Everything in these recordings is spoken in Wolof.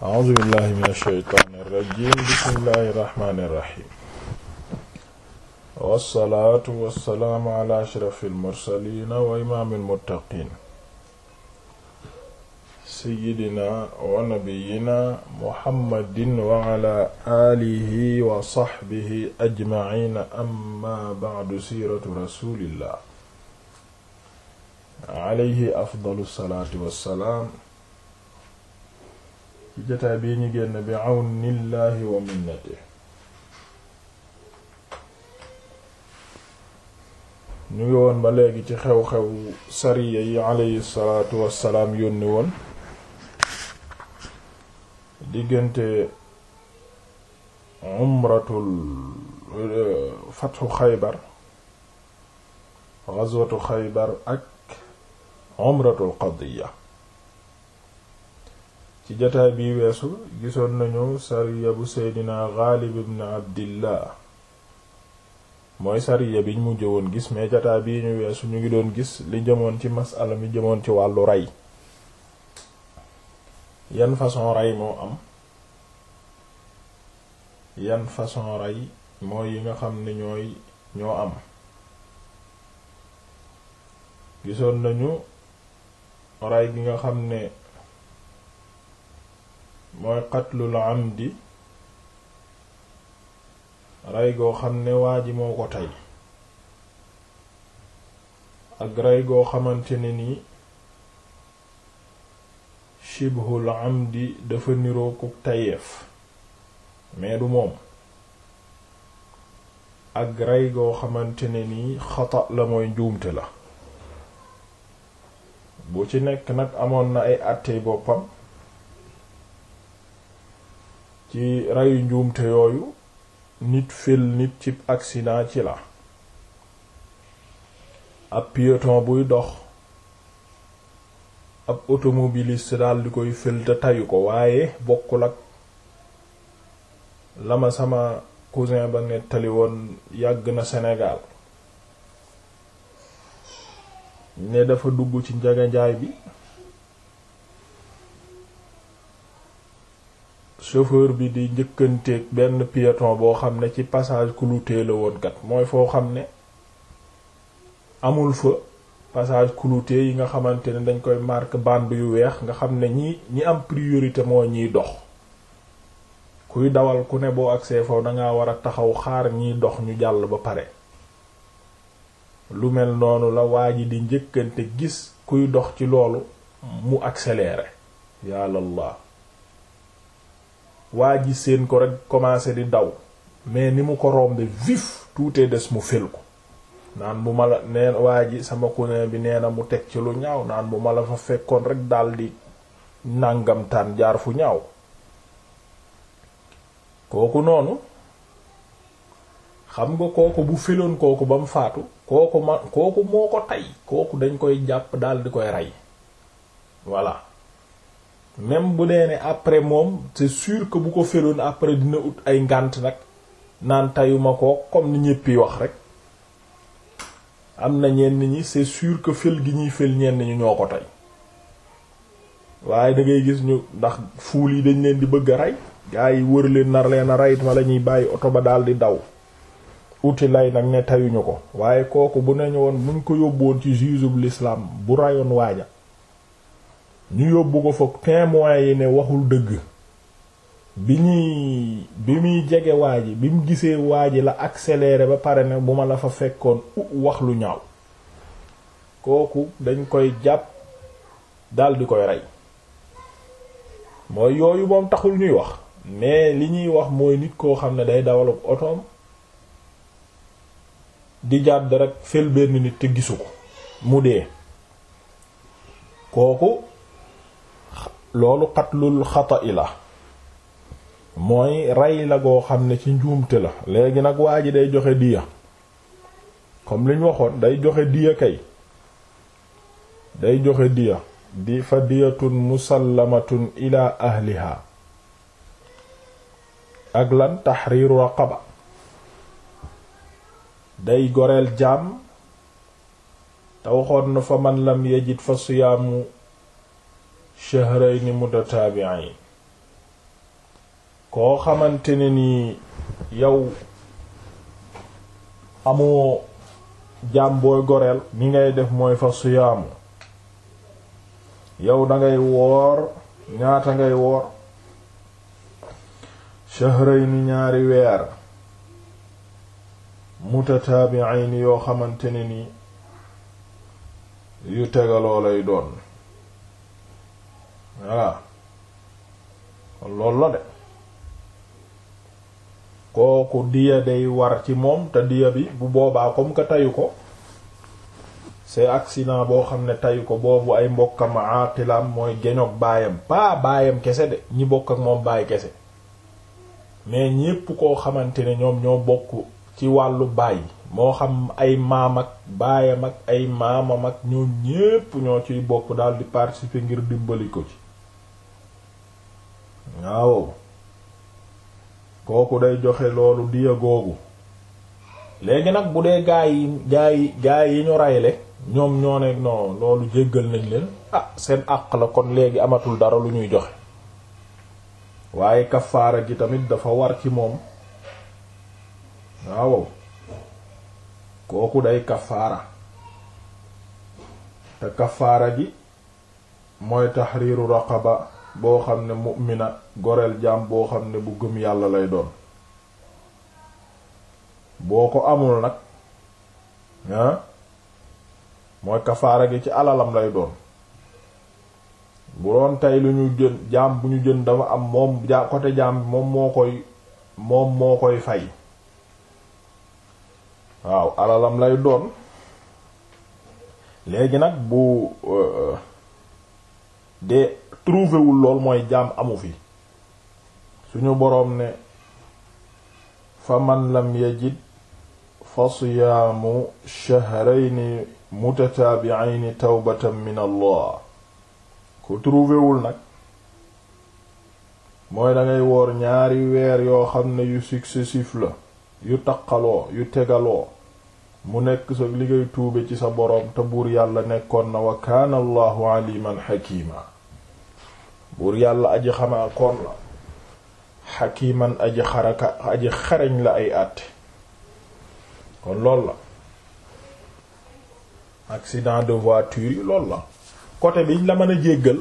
a'uuzu billahi mina shaytaani rajiim bismillahi rahmaani rahiim wassalaatu wassalaamu ala ashrafil mursaliin wa imaamil muttaqiin sayyidina wa nabiyyina muhammadin wa ala aalihi wa sahbihi ajma'iin amma ba'du siiratu rasuulillah alayhi afdalu salaatu wassalaam ci jotaay bii ñu génn bi àwnillaahi wa minnati ñu ngi woon ba léegi ci xew-xew sariya yi alayhi salaatu wassalaam yónni woon diggante umratul eh, fatxu xaybar gazwatu xaybar ak umratul qadiya ci jataay bi weesu gisoon nañu sariya bu seydina Ghalib ibn Abdillah mooy sariya biñ mujj woon gis mais jataay bii ñu weesu ñu ngi doon gis li jëmoon ci masala mi jëmoon ci wàllu ray yan fason ray moo am yan façon rey mooy yi nga xam ne ñooy ñoo am gisoon nañu rey gi nga xam ne mooy qatlul amdi rey goo xam ne waa ji moo ko tey ak rey goo xamante ne nii shibhul amdi dafa niroo ku tayeef mais du moom ak rey goo xamante ne nii xata la mooy njuumte la bu ci nekk nag amoon na ay àttey boppam ci reyu njuumte yooyu nit fil nit ci accident ci la ab piéton buy dox ab automobiliste daal di koy fël te tayu ko waaye bokkul ak lama sama cousin ba nettali woon yàgg na senegaal ne dafa dugg ci njaganjaay bi chauffeur bi di njëkkanteeg benn piéton boo xam ne ci passage clouté la woon kat mooy foo xam ne amul fa passage clouté yi nga xamante ne dañ koy marqué bande yu weex nga xam ne ñi ñi am priorité moo ñiy dox kuy dawal ku ne boo agsee foofu dangaa war a taxaw xaar ñiy dox ñu jàll ba pare lu mel noonu la waa ji di njëkkante gis kuy dox ci loolu mu accéléré yàlla waa ji seen ko rek commencé di daw mais ni mu ko rombe vif tuutee des mu fel ko naan bu ma la neen waa ji sama cousin bi nee na mu teg ci lu ñaaw naan bu ma la fa fekkoon rek daldi nàngamtaan jaar fu ñaaw kooku noonu xam nga kooku bu filoon kooku ba mu faatu kooku ma kooku moo ko tey kooku dañ koy jàpp di koy rey voilà même bu dee ne après moom c'est sûr que bu ko feloon après dina ut ay ngànt nag naan tayuma ko comme ni ñépp wax rek am na ñenn ñi c'est sûr que fel gi ñuy fel ñenn ñu ñoo ko tey waaye da gis ñu ndax fuul yi dañ leen di bëgg a rey gaa yi wër leen na leen a rey ma la ñuy bàyyi oto ba daal di daw uti lay nag ne tayuñu ko waaye kooku bu nañu woon buñ ko yóbbu ci juge bu l'islam bu rayoon waaja ñu yóbbu ko fa témoins yi ne waxul dëgg bi ñuy bi muy jege waa bi mu gisee waa ji la accéléré ba pare ne bu ma la fa fekkoon wax lu ñaaw kooku dañ koy jàpp dal di koy rey mooy yooyu moom taxul ñuy wax mais li ñuy wax mooy nit koo xam ne day dawal otoom di jàdd rek fel benn nit te gisu ko mu dee kooku loolu xatlul xata'i la mooy rey la goo xam ne ci njuumte la léegi nag waa ji day joxe diya comme liñ waxoon day joxe diya kay day joxe diya di fa diyatun musallamatun ila ahliha ak lan tahriru raqaba day goreel jaam te waxoon na fa man lam yajid fa siyaamu shahrayni mutataabi'ayn koo xamante ne ni yow amoo jaam booy goreel ni ngay def mooy fa siyaamu yow dangay woor ñaata ngay woor shahrayni ñaari weer mutataabi'ayn yoo xamante ne ni yu tegaloo lay doon voilà kon loolu la de kooku diya day war ci moom te diya bi bu boobaa comme que tayu ko c'est accident boo xam ne tayu ko boobu ay mbokkam aqilam mooy geñog baayam pas baayam kese de ñi bokk ak moom baay kese mais ñépp koo xamante ne ñoom ñoo bokk ci wàllu baay moo xam ay maam ak baayam ak ay maamam ak ñoo ñépp ñoo ciy bokk daal di participer ngir dimbali ko ci waaw kooku day joxe loolu diya googu léegi nag bu dee gaay yi gaa yi gaa yi ñu rayle ñoom ñoo ne non loolu jéggal nañ leen ah seen àq la kon léegi amatul dara lu ñuy joxe waaye kafaara gi tamit dafa war ci moom waaw kooku day kafaara te kafaara ji mooy tahriru raqaba boo xam ne na goreel jaam boo xam ne bu gëm yàlla lay doon boo ko amul nag ah, mooy kafaara gi ci alalam lay doon bu doon tey lu ñu jën jaam bu ñu jën dafa am moom ja côté jaam moom moo koy moom moo koy fay waaw alalam lay doon léegi nag bu euh, de trouvéwul lool mooy jaam amu fi suñu boroom ne fa man lam yajid fa siyaamu shahrayni mutataabi'ayni tawbatan min allah ku trouvéwul nag mooy dangay woor ñaari weer yoo xam ne yu successif la yu taqaloo yu tegaloo mu nekk sa li ngay tuube ci sa boroom te buur yàlla nekkoon na wa kaana allahu aliman xakima buur yàlla aji xamaa koon la xakiman aji xaraka aji xarañ la ay àtte kon lool la accident de voiture yi lool la côté biñ la mën a jéggal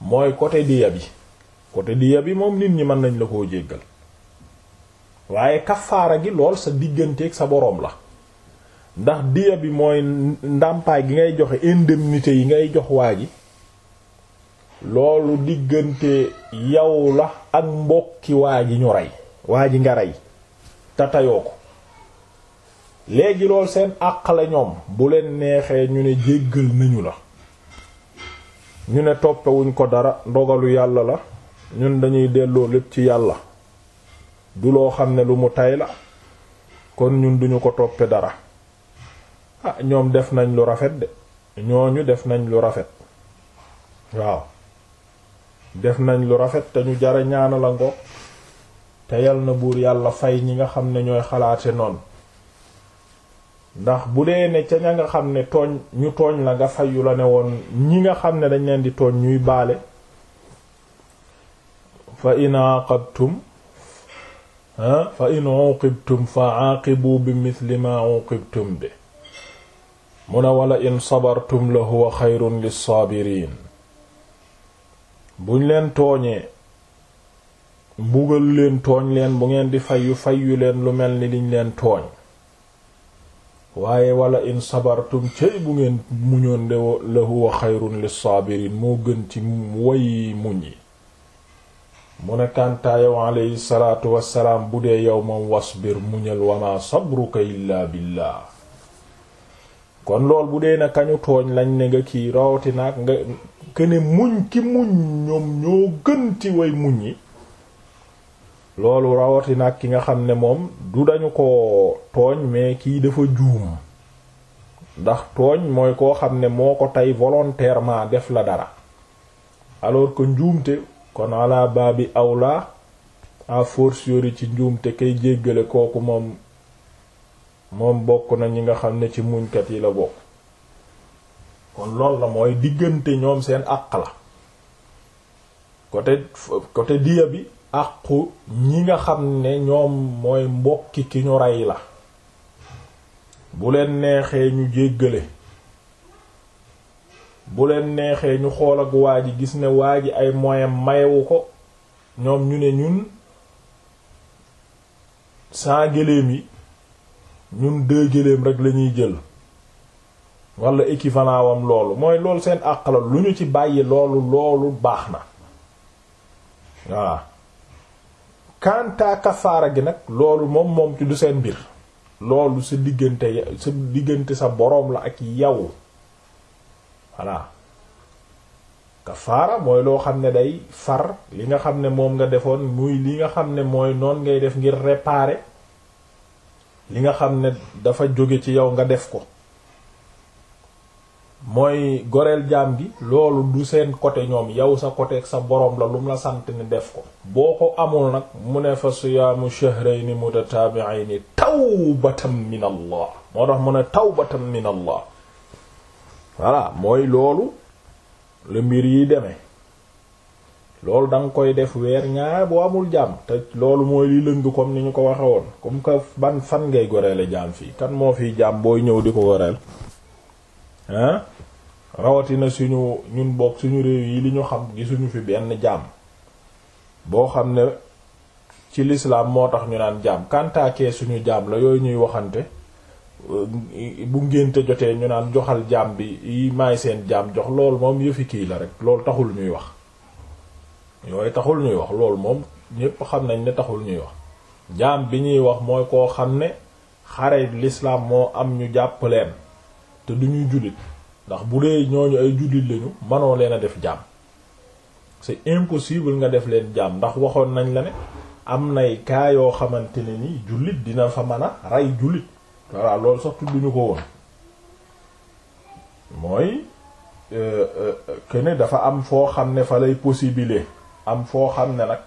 mooy côté diya bi côté diya bi moom nit ñi mën nañ la koo jéggal waaye kafaara gi lool sa diggante ak sa boroom la ndax diya bi mooy ndàmpaay gi ngay joxe indemnité yi ngay jox waa ji loolu diggante yow la ak mbokki waa ji ñu rey waa ji nga rey te tayoo ko léegi loolu seen àq ñoom bu leen neexee ñu ne jéggal nañu la ñu ne toppewuñ ko dara ndogalu yàlla la ñun dañuy delloo lépp ci yàlla du loo xam ne lu mu tay la kon ñun duñu ko toppe dara ah ñoom def nañ lu rafet de ñu def nañ lu rafet waaw def nañ lu rafet te ñu jara ñaana la ngo te yal na buur yàlla fay ñi nga xam ne ñooy xalaate noonu ndax bu dee ne ca ña nga xam ne tooñ ñu tooñ la nga fayu la ne woon ñi nga xam ne dañ leen di tooñ ñuy baale fa in aqabtum fa in uqibtum fa aqibu bi mithli ma uqibtum bi mu ne wala in sabartum la huwa xayrun lis saabiriin buñ leen tooñee mbugal leen tooñ leen bu ngeen di fayyu fayyu leen lu mel ni liñ leen tooñ waaye wala in sabartum cëy bu ngeen muñoon de la xayrun lissaabiriin moo gën ci way muñ yi mu ne kàntaa yow salaatu wassalaam bu dee yow moom wasbir muñal wama sabruka illaa billaa lool bu dee lañ ne nga kii rawatina këne muñ ki muñ ñoom ñoo gën ci way muñ yi loolu rawatina ki nga xam ne moom du dañu ko tooñ mais kii dafa juum ndax tooñ mooy koo xam ne moo ko tey volontairement def la dara alors que njuumte kon ala baa bi awla à fortiori ci njuumte kay jéggale kooku moom moom bokk na ñi nga xam ne ci muñkat yi la bokk kon loolu la mooy diggante ñoom seen àq la côté côté diya bi àqu ñi nga xam ne ñoom mooy mbokki ki ñu rey la bu leen neexee ñu jéggale bu leen neexee ñu xool ak waa ji gis ne waa ji ay moyen mayewu ko ñoom ñu ne ñun saa gëléem yi ñun deux gëléem rek lañuy jël wala équivalent wam loolu mooy loolu seen àq la lu ñu ci bàyyi loolu loolu baax na voilà kanta kafaara gi nag loolu moom moom ci du seen mbir loolu sa diggante sa boroom la ak yow voilà kafaara mooy loo xam ne day far li nga xam ne moom nga defoon muy li nga xam ne mooy noon ngay def ngir réparer li nga xam ne dafa jóge ci yow nga def ko mooy goreel jaam gi loolu du seen côté ñoom yow sa côté ak sa borom la lum la sant ni def ko boo ko amul nag mu ne fa siyaamu shahrayni mutatabi'ayni tawbatan min allah moo tax mu ne tawbatan min allah voilà mooy loolu la mbir yi deme loolu da nga koy def weer ñaar boo amul jaam te loolu mooy li lëng comme ni ñu ko waxe woon comme que ban fan ngay goreele jaam fii kan moo fi jaam booy ñëw di ko goreel rawatina suñu ñun bokk suñu réew yi li ñu xam gisuñu fi benn jàmm boo xam ne ci lislaam moo tax ñu naan jaam kantaakee suñu jaam la yooyu ñuy waxante euh, bu ngénte jotee ñu naan joxal jaam bi yi maay seen jàmm jox lool moom yëfi kii la rek loolu taxul ñuy wax yooyu taxul ñuy wax loolu moom ñépp xam nañ ne taxul ñuy wax jaam bi ñuy wax mooy koo xam ne xare lislaam moo am ñu jàpp leen te du ñuy jullit ndax bu dee ñooñu ay jullit lañu manoo leen a def jaam c'est impossible nga def leen jàmm ndax waxoon nañ la ne am nay kaa yoo xamante ne ni jullit dina fa man a rey jullit voilà loolu sax tudduñu ko woon mooy euh, euh, que dafa am foo xam ne fa lay possible am foo xam ne nag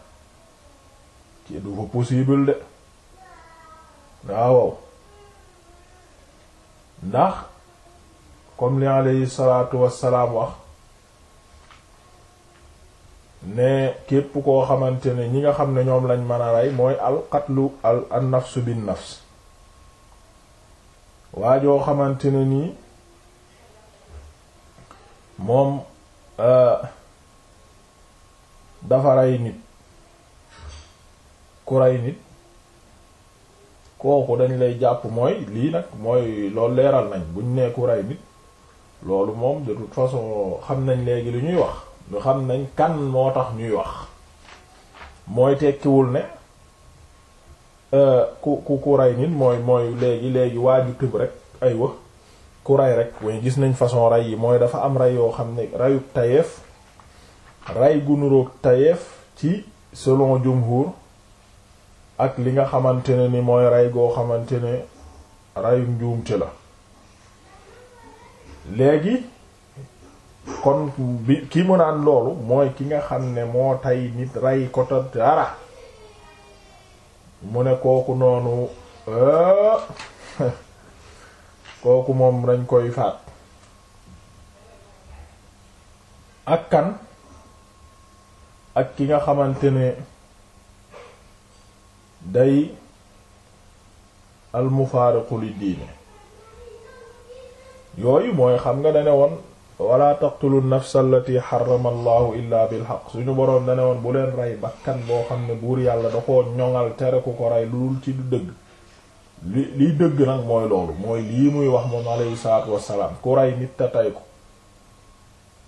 ci du fa possible de waaw ndax comme li alayhi salaatu wassalaam wax ne képp koo xamante ne ñi nga xam ne ñoom lañ man a rey mooy al al nafsu bin nafs waa joo xamante ne nii moom euh, dafa rey nit ku rey nit kooku dañ lay jàpp mooy lii nag mooy loolu leeral nañ buñ nee ku rey nit loolu moom de toute façon xam nañ léegi lu ñuy wax ñu xam nañ kan moo tax ñuy wax mooy tekkiwul ne euh, ku ku ku rey nit mooy mooy léegi léegi waa ju tëb rek ay wax ku rey rek way gis nañ façon rey yi mooy dafa am rey yoo xam ne reyu tayeef ray gu nuroog tayeef ci selon jumhur ak li nga xamante ne ni mooy ray goo xamante ne reyu njuumte la léegi kon bi ki mu naan loolu mooy ki nga xam ne moo tay nit rey ko dara mu ne kooku noonu euh, kooku moom dañ koy faat ak kan ak ki nga xamante ne day almufaariqu li diine yooyu mooy xam nga dane woon walaa taqtulu nafsa allati xarama allahu illa bilxaq suñu boroom dane woon bu leen rey bakkan boo xam ne buur yàlla da ko ñoŋal tere ku ko rey lu dul ci du dëgg li liy dëgg nag mooy loolu mooy lii muy wax moom alayhi salaatu wassalaam ku rey nit ta tey ko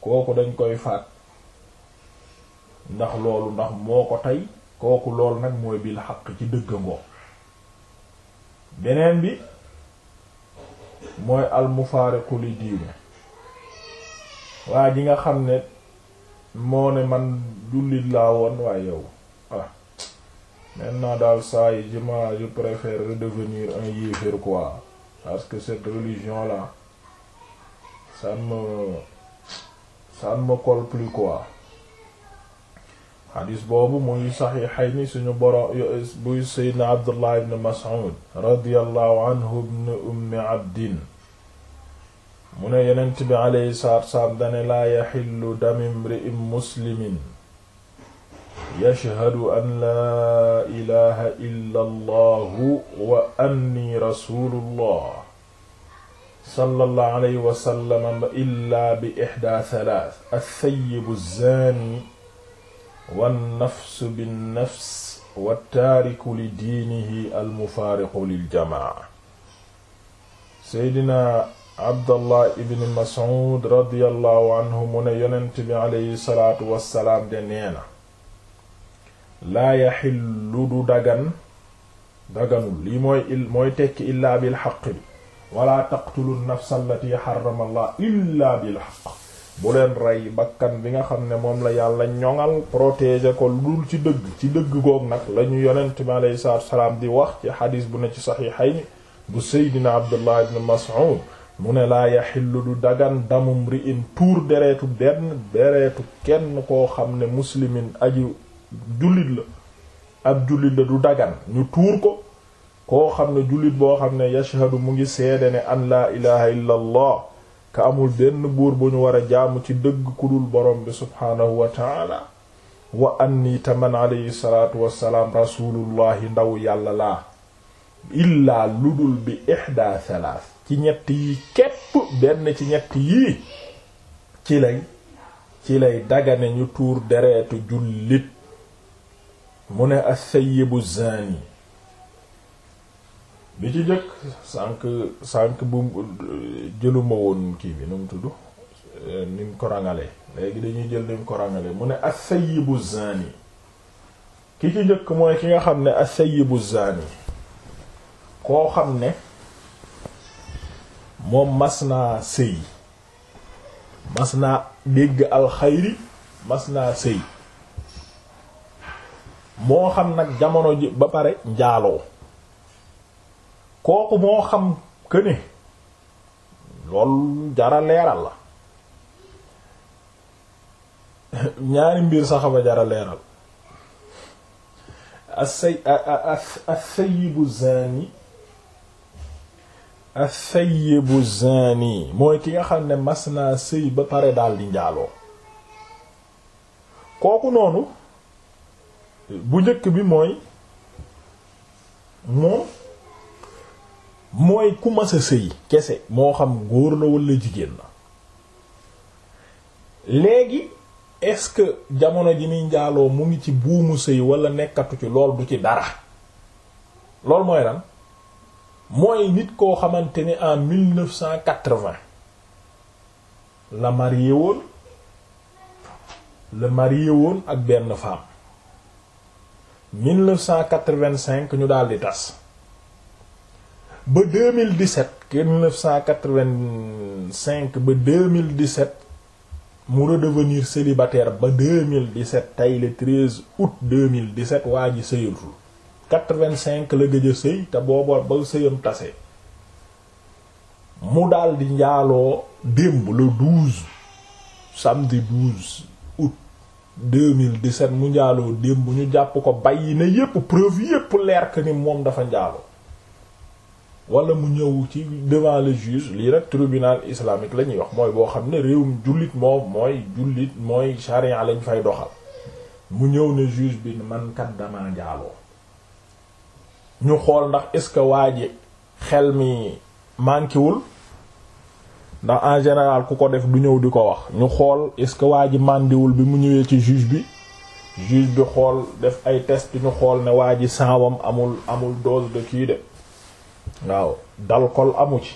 kooku dañ koy faat ndax loolu ndax moo ko tey kooku lool nag mooy bil xaq ci dëgg ngoo beneen bi mooy almufaariqu li diine waa ji nga xam ne moo ne man jullit laa woon waaye yow ah maintenant daal saa yi jema je préfère redevenir un yéeféer quoi parce que cette religion là ça ne me ça ne me boobu muy saxiixay ni suñu boro buy seydna abdullah ibn mas'ud radiyallahu anhu ibn ummi abdin mu ne yonent bi aleyhi salaatu wasalaam dane laa yaxillu dami imri'in muslimin yashhadu an laa ilaha illa allahu wa anni rasulullah sallallahu alayhi wa sallam illa bi ixda thalath althayibu zani wannafsu binnafs wattaariku li diinihi almufaariqu liljamaa seydina abdallah ibn mas'ud radiyallahu anhu mu ne yonent bi aleyhi du dagan daganul lii mooy mooy tekki illaa bil xaq bi wala taqtulu nafsa allah illaa bil xaq bu leen rey bakkan bi nga xam ne moom la yàlla ñoŋal protéger ko dul ci dëgg ci dëgg goog nag la ñu yonent bi aleyhi salaatu di wax ci xadiis bu ne ci saxiixayni bu seydina abdullah ibn mas'ud mu ne laa yaxillu du dagan damum ri in tuur dereetu benn dereetu kenn koo xam ne muslimin aji jullit la ab jullit la du dagan ñu tuur ko koo xam ne jullit boo xam ne yashhadu mu ngi seede ne an laa ilaha illa allah ka amul benn buur bu ñu war a jaamu ci dëgg kudul borom bi subhaanahu wa taala wa anni ta ndaw yàlla laa illaa ci ñett yi képp benn ci ñett yii ci lay ci lay dagane ñu tuur deretu jullit mu ne as-sayyibu zani bi ci jëkk sànq sànq bu jëluma woon kii bi nu mu tudd eh, ni ko rangalee léegi dañuy jël ni mu mu ne as bu zani ki ci jëkk mooy ki nga xam ne as bu zani koo xam ne moom mas naa sëy mas naa dégg alxayri mas naa sëy moo xam nag jamono ba pare njaaloo kooku moo xam que ne loolu jara leeral la ñaari mbir sax ba a leeral bu sayyibu yi athayyibu zani mooy ki nga xam ne mas naa sëy ba pare daal di njaaloo kooku noonu bu njëkk bi mooy moom mooy ku mas sëy kese moo xam góor la walla jigéen la léegi est-ce que jamono ji muy njaaloo mu ngi ci buumu sëy walla nekkatu ci lool du ci dara lool mooy ren mooy nit koo xamante ni en 1980 la marié woon la marié woon ak benn femme 1985 ñu daal di tas ba 2017 1985 ba 2017 mu redevenir célibataire ba 2017 tey le 13 août 2017 waa ji sëyatul quatre-vingt-cinq la gëj a sëy te booba ba sëyam tase mu daal di njaaloo démb le douze samedi douze août deux mille dix mu njaaloo démb ñu jàpp ko bàyyi na yépp preuve yépp leer que ni moom dafa njaaloo wala mu ñëw ci devant le juge lii rek tribunal islamique la ñuy wax mooy boo xam ne réewum jullit moom mooy jullit mooy charia lañ fay doxal mu ñëw ne juge bi man kat dama njaaloo ñu xool ndax est-ce que waa ji xel mi manquéwul ndax en général ku ko def du ñëw di ko wax ñu xool est-ce que waa ji màndiwul bi mu ñëwee ci juge bi juge bi xool def ay test ñu xool ne waa ji saawam amul amul dose de kii de waaw kol amu ci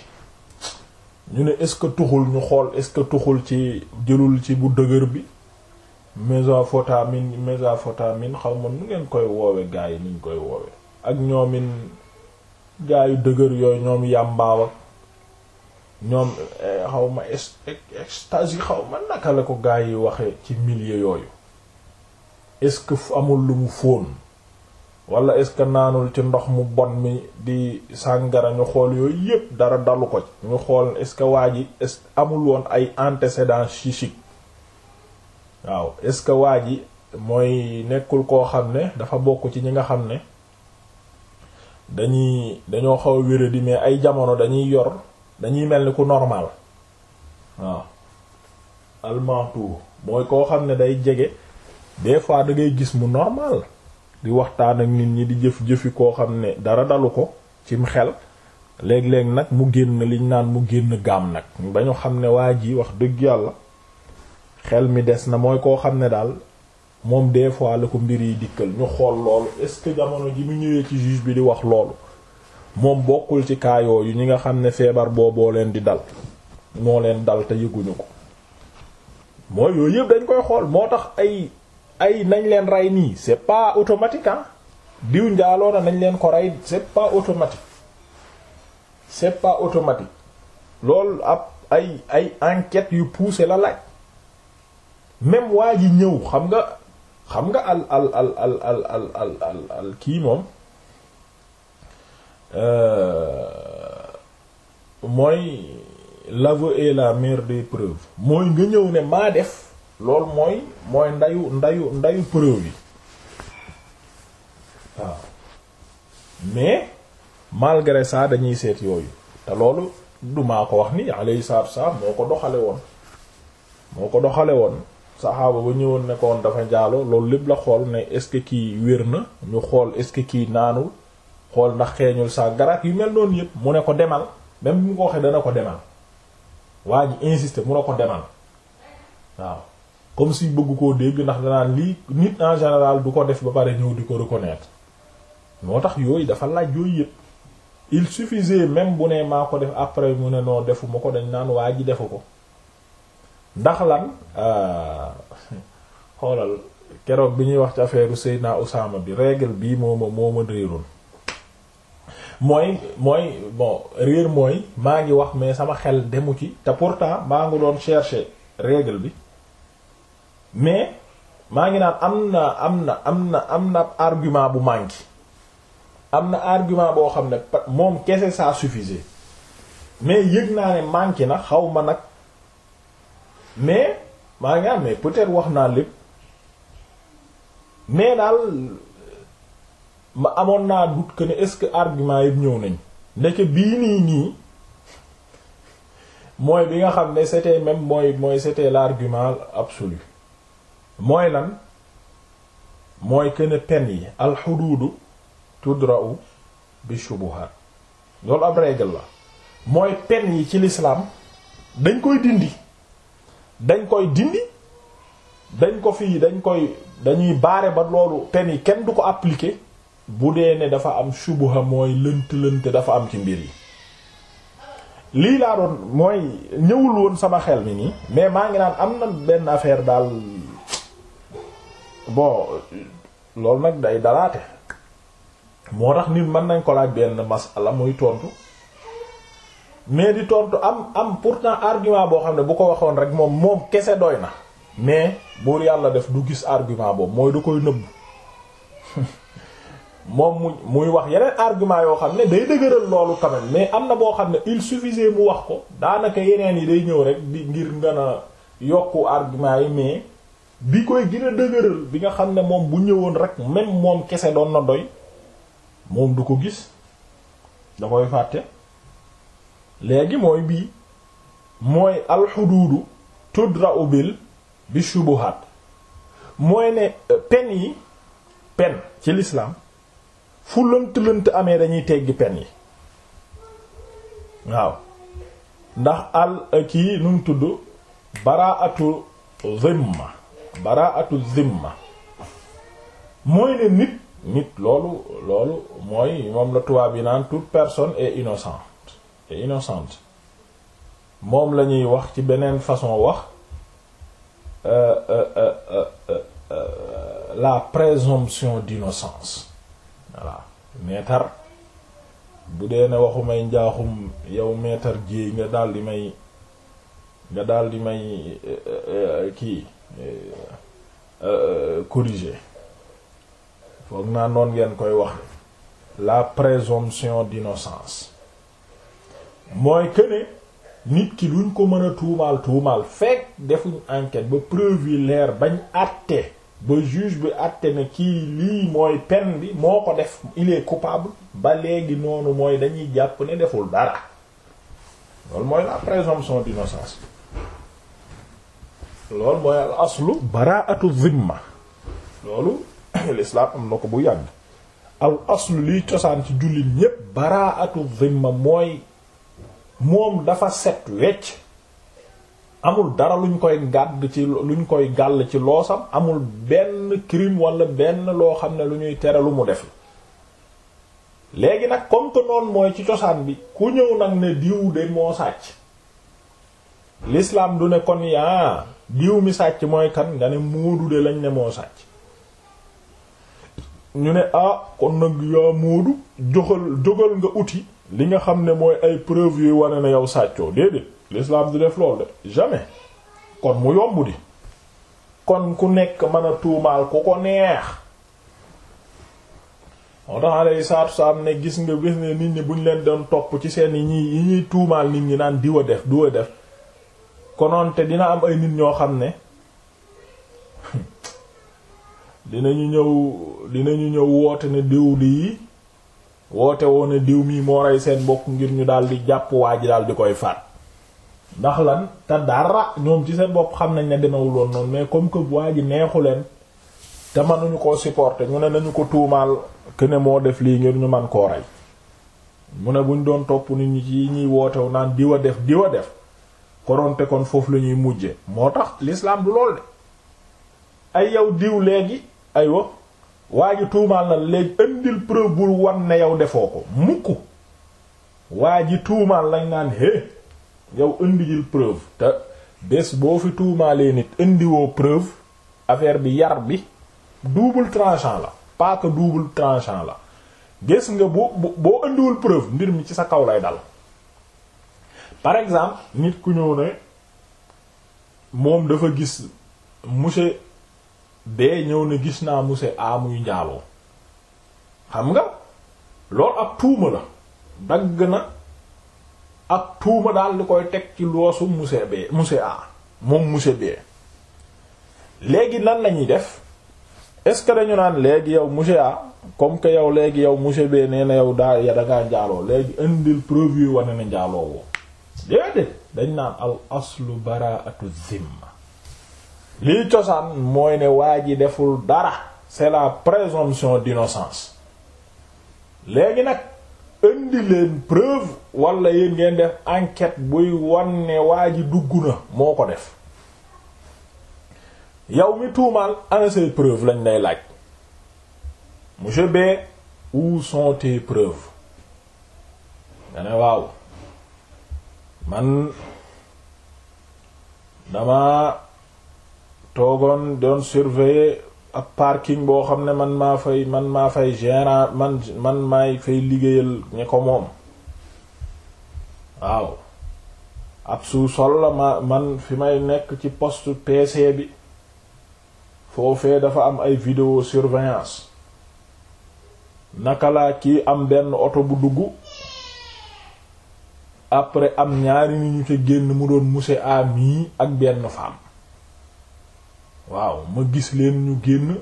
ñu ne est-ce que tuxul ñu xool est-ce que tuxul ci jëlul ci bu dëgër bi méthamphétamine méthamphétamine xaw ma nu ngeen koy woowe gaa yi niñ koy woowe ak ñoomin gaayu dëgër yooyu ñoom yàmbaaw ñoom eh, xawma extase yi xawma naka la ko gaa yi waxe ci milieu yooyu est-ce que amul lu mu fóon wala est-ce que naanul ci ndox mu bon mi di sàngara ñu xool yooyu yépp dara dalu ko ci ñu xool est-ce que waa ji est amul woon ay antécédents psychiques waaw est-ce que waa ji mooy nekkul koo xam ne dafa bokk ci ñi nga xam ne dañuy dañoo xaw a wéradi mais ay jamono dañuy yor dañuy mel ni ku normal waaw almantu mooy koo xam ne day jege des fois da gis mu normal di waxtaan ak nit ñi di jëf-jëfi koo xam ne dara dalu ko cim xel léeg-léeg nag mu génn liñ naan mu génn gaam nag ba xam ne waa ji wax dëgg yàlla xel mi des na mooy koo xam ne daal moom des fois la ko mbir yi dikkal ñu xool loolu est-ce que jamono ji mu ñëwee ci juge bi di wax loolu moom bokkul ci cas yooyu ñi nga xam ne feebar booboo leen di dal moo leen dal te yëguñu ko mooy yooyu yëpp dañ koy xool moo tax ay ay nañ leen rey nii c'est pas automatique ah diw njaaloo na nañ leen ko rey c'est pas automatique c'est pas automatique loolu ab ay ay enquête yu puuse la laaj même waa ji ñëw xam nga xam nga al al al al al kii moom euh, mooy l'aveu est la mère des preuves mooy nga ñëw ne maa def loolu mooy mooy ndayu ndayu ndayu preuve yi waaw mais malgré ça dañuy seet yooyu te loolu du maa ko wax ni alayhi salaatu wa moo ko doxale woon moo ko doxale woon saxaaba ba ñëwoon nekkoon dafa njaalo loolu lépp la xool ne est-ce que kii wér na ñu xool est-ce que kii naanul xool ndax xeeñul sa garat yu mel noonu yëpp mu ne ko demal même bi mu dana ko demal waa ji mu ne ko demal waaw comme si bëgg ko dégg ndax danaan lii nit en général du ko def ba pare ñëw di ko reconnaître moo tax yooyu dafa laaj yooyu yëpp il suffisait même bu ne maa ko def après mu ne noo defu ma ko dañ naan waa ji defu ko ndax lan ah, xoolal keroog bi ñuy wax ci affaire Seydina Usaama bi régle bii moo ma moo ma réeroon mooy mooy bon réer mooy maa ngi wax mais sama xel demu ci te pourtant maa ngi doon chercher régle bi mais maa ngi naan am na am na am na am na argument bu manqué am na argument boo xam ne moom kese ça suffisait mais yëg naa ne manqué na xaw ma nag. mais maa ngi am mais peut wax naa lépp mais daal ma amoon naa doute que ne est-ce que argument yi ñëw nañ nekk bii nii nii mooy bi nga xam ne c'était même mooy mooy c'était l'argument absolu mooy lan mooy que ne pen yi alxuduudu tudra'u bi shubuhat loolu ab règle la mooy pen yi ci lislaam dañ koy dindi dañ koy dindi dañ ko fii dañ koy dañuy baare ba loolu pen yi kenn du ko appliquer bu dee ne dafa am subuha mooy lënt lënt dafa am ci mbir yi lii laa doon mooy ñëwul woon sama xel ni nii mais maa ngi naan am na benn affaire daal bon loolu nag day dalaate moo tax nit mën nañ ko laaj benn masala muy tontu mais di tontu am am pour pourtant argument boo xam ne bu ko waxoon rek moom moom kese doy na mais buur yàlla def du gis argument boobu mooy da koy nëbb moom mu muy wax yeneen argument yoo xam ne day dëgëral loolu quand même am na boo xam ne il suffisait mu wax ko daanaka yeneen yi day ñëw rek di ngir gën a yokku argument yi bi koy gën bi nga xam ne moom bu ñëwoon rek même moom kese doon na doy moom du ko gis da koy fàtte léegi mooy bii mooy alxuduudu tudra ubil bi shubuhat mooy ne euh, pen yi pen ci l'islam fu lënt lënt amee dañuy teggi pen yi waaw ndax al euh, kii nu tudd baraatu zimma baraatu zimma mooy ne nit nit loolu loolu mooy moom la tubaab yi naan toute personne est innocente et innocente moom la ñuy wax ci beneen façon wax la présomption d'innocence voilà meetar bu dee ne waxu njaaxum yow meetar jéey nga daal di may nga daal di may kii corriger foog naa noon ngeen koy wax la présomption d'innocence mooy këne nit ki luñ ko mën a tuumaal tuumaal fekk defuñ enquête ba preuve yi leer bañ àtte ba juge bi àtte na kii lii mooy peine bi moo ko def il est coupable ba léegi noonu mooy dañuy jàpp ne deful dara loolu mooy la présomption d'innocence loolu mooy al aslu baraatu zimma loolu l'islam am na ko bu yàgg al aslu liy cosaan ci jullit ñépp baraatu zimma mooy moom dafa set wecc amul dara luñ koy gàdd ci luñ koy gàll ci loosam amul benn crime walla benn loo xam ne lu ñuy tere lu mu def léegi nag comme que noonu mooy ci cosaan bi ku ñëw nag ne diw de moo sàcc lislaam du ne kon yaa diw mi sàcc mooy kan nga ne moodu de lañ ne moo sàcc ñu ne ah kon nag yaa moodu joxal jógal nga uti li nga xam ne mooy ay preuve yuy wane na yow sàccoo déedéet l'islam du def loolu de jamais kon mu yomb di kon ku nekk mën a tuumaal ku ko neex moo tax aleyhi salaatu salaam ne gis nga gis ne nit ñi bu ñu leen doon topp ci seen yi ñuy yi ñuy tuumaal nit ñi naan diwa def diwa def konoon te dina am ay nit ñoo xam ne dinañu ñëw dinañu ñëw woote ne diw yi woote woona diw mii moo rey seen mbokk ngir ñu daal di jàpp waa ji daal di koy faat ndax lan te dara ñoom ci seen bopp xam nañ ne demewul woon noonu mais comme que waa ji neexu leen te mënuñu koo supporter ñu ne nañu ko tuumaal que ne moo def lii ngir ñu man koo rey mu ne buñ doon topp nit ñi ci ñuy wootew naan diwa def diwa def koronte kon foofu la ñuy mujje moo tax lislaam du lool de ay yow diw léegi aywa waa ji tuumaal na léegi indil preuve bul wan ne yow defoo ko mukk waa ji tuumaal lañ naan hé yow indil preuve te bés boo fi tuumaalee nit indiwoo preuve affaire bi yar bi double tranchant la pas que double tranchant la gis nga boo boo indiwul preuve mbir mi ci sa kaw lay dal par exemple nit ku ñëw ne moom dafa gis monsieur bee ñëw na gis naa monsieur A muy njaaloo xam nga loolu ab tuuma la dagg na ab tuuma daal di koy teg ci loosu monsieur B monsieur A moom monsieur B léegi nan lañuy def est-ce que dañu naan léegi yow monsieur A comme que yow léegi yow monsieur bee nee na yow daal ya dangaa njaaloo léegi indil preuve yu wane na njaaloo woo déedéet dañ naan al aslu baraatu zimma lii cosaan mooy ne waa ji deful dara c'est la présomption d'innocence léegi nag indi leen preuve wala yéen ngeen def enquête buy wan ne waa ji dugg na moo ko def yow mi tuumaal ana say preuve lañ lay laaj monsieur B où sont tes preuves nga ne waaw man dama toogoon doon surveiller ab parking boo xam ne man maa fay man maa fay gérant man man maay fay liggéeyal ni ko moom waaw ab sous-sol ma man fi may nekk ci poste PC bi foofee dafa am ay vidéo surveillance naka laa kii am benn oto bu dugg après am ñaari nit ñu ci génn mu doon monsieur A ak benn femme waaw ma gis leen ñu génn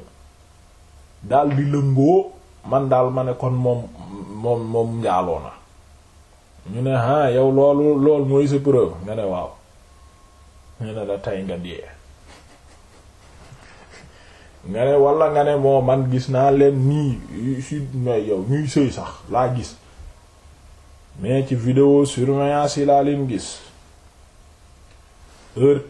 daldi di lëngoo man daal ma ne kon moom moom moom ñu ne ah yow loolu lool mooy sa preuve nga ne waaw ñu ne la tey nga dee nga ne wala nga ne moo man gis naa leen nii si mais ñuy sëy sax laa gis mais ci vidéo surveillance yi laa leen gis heure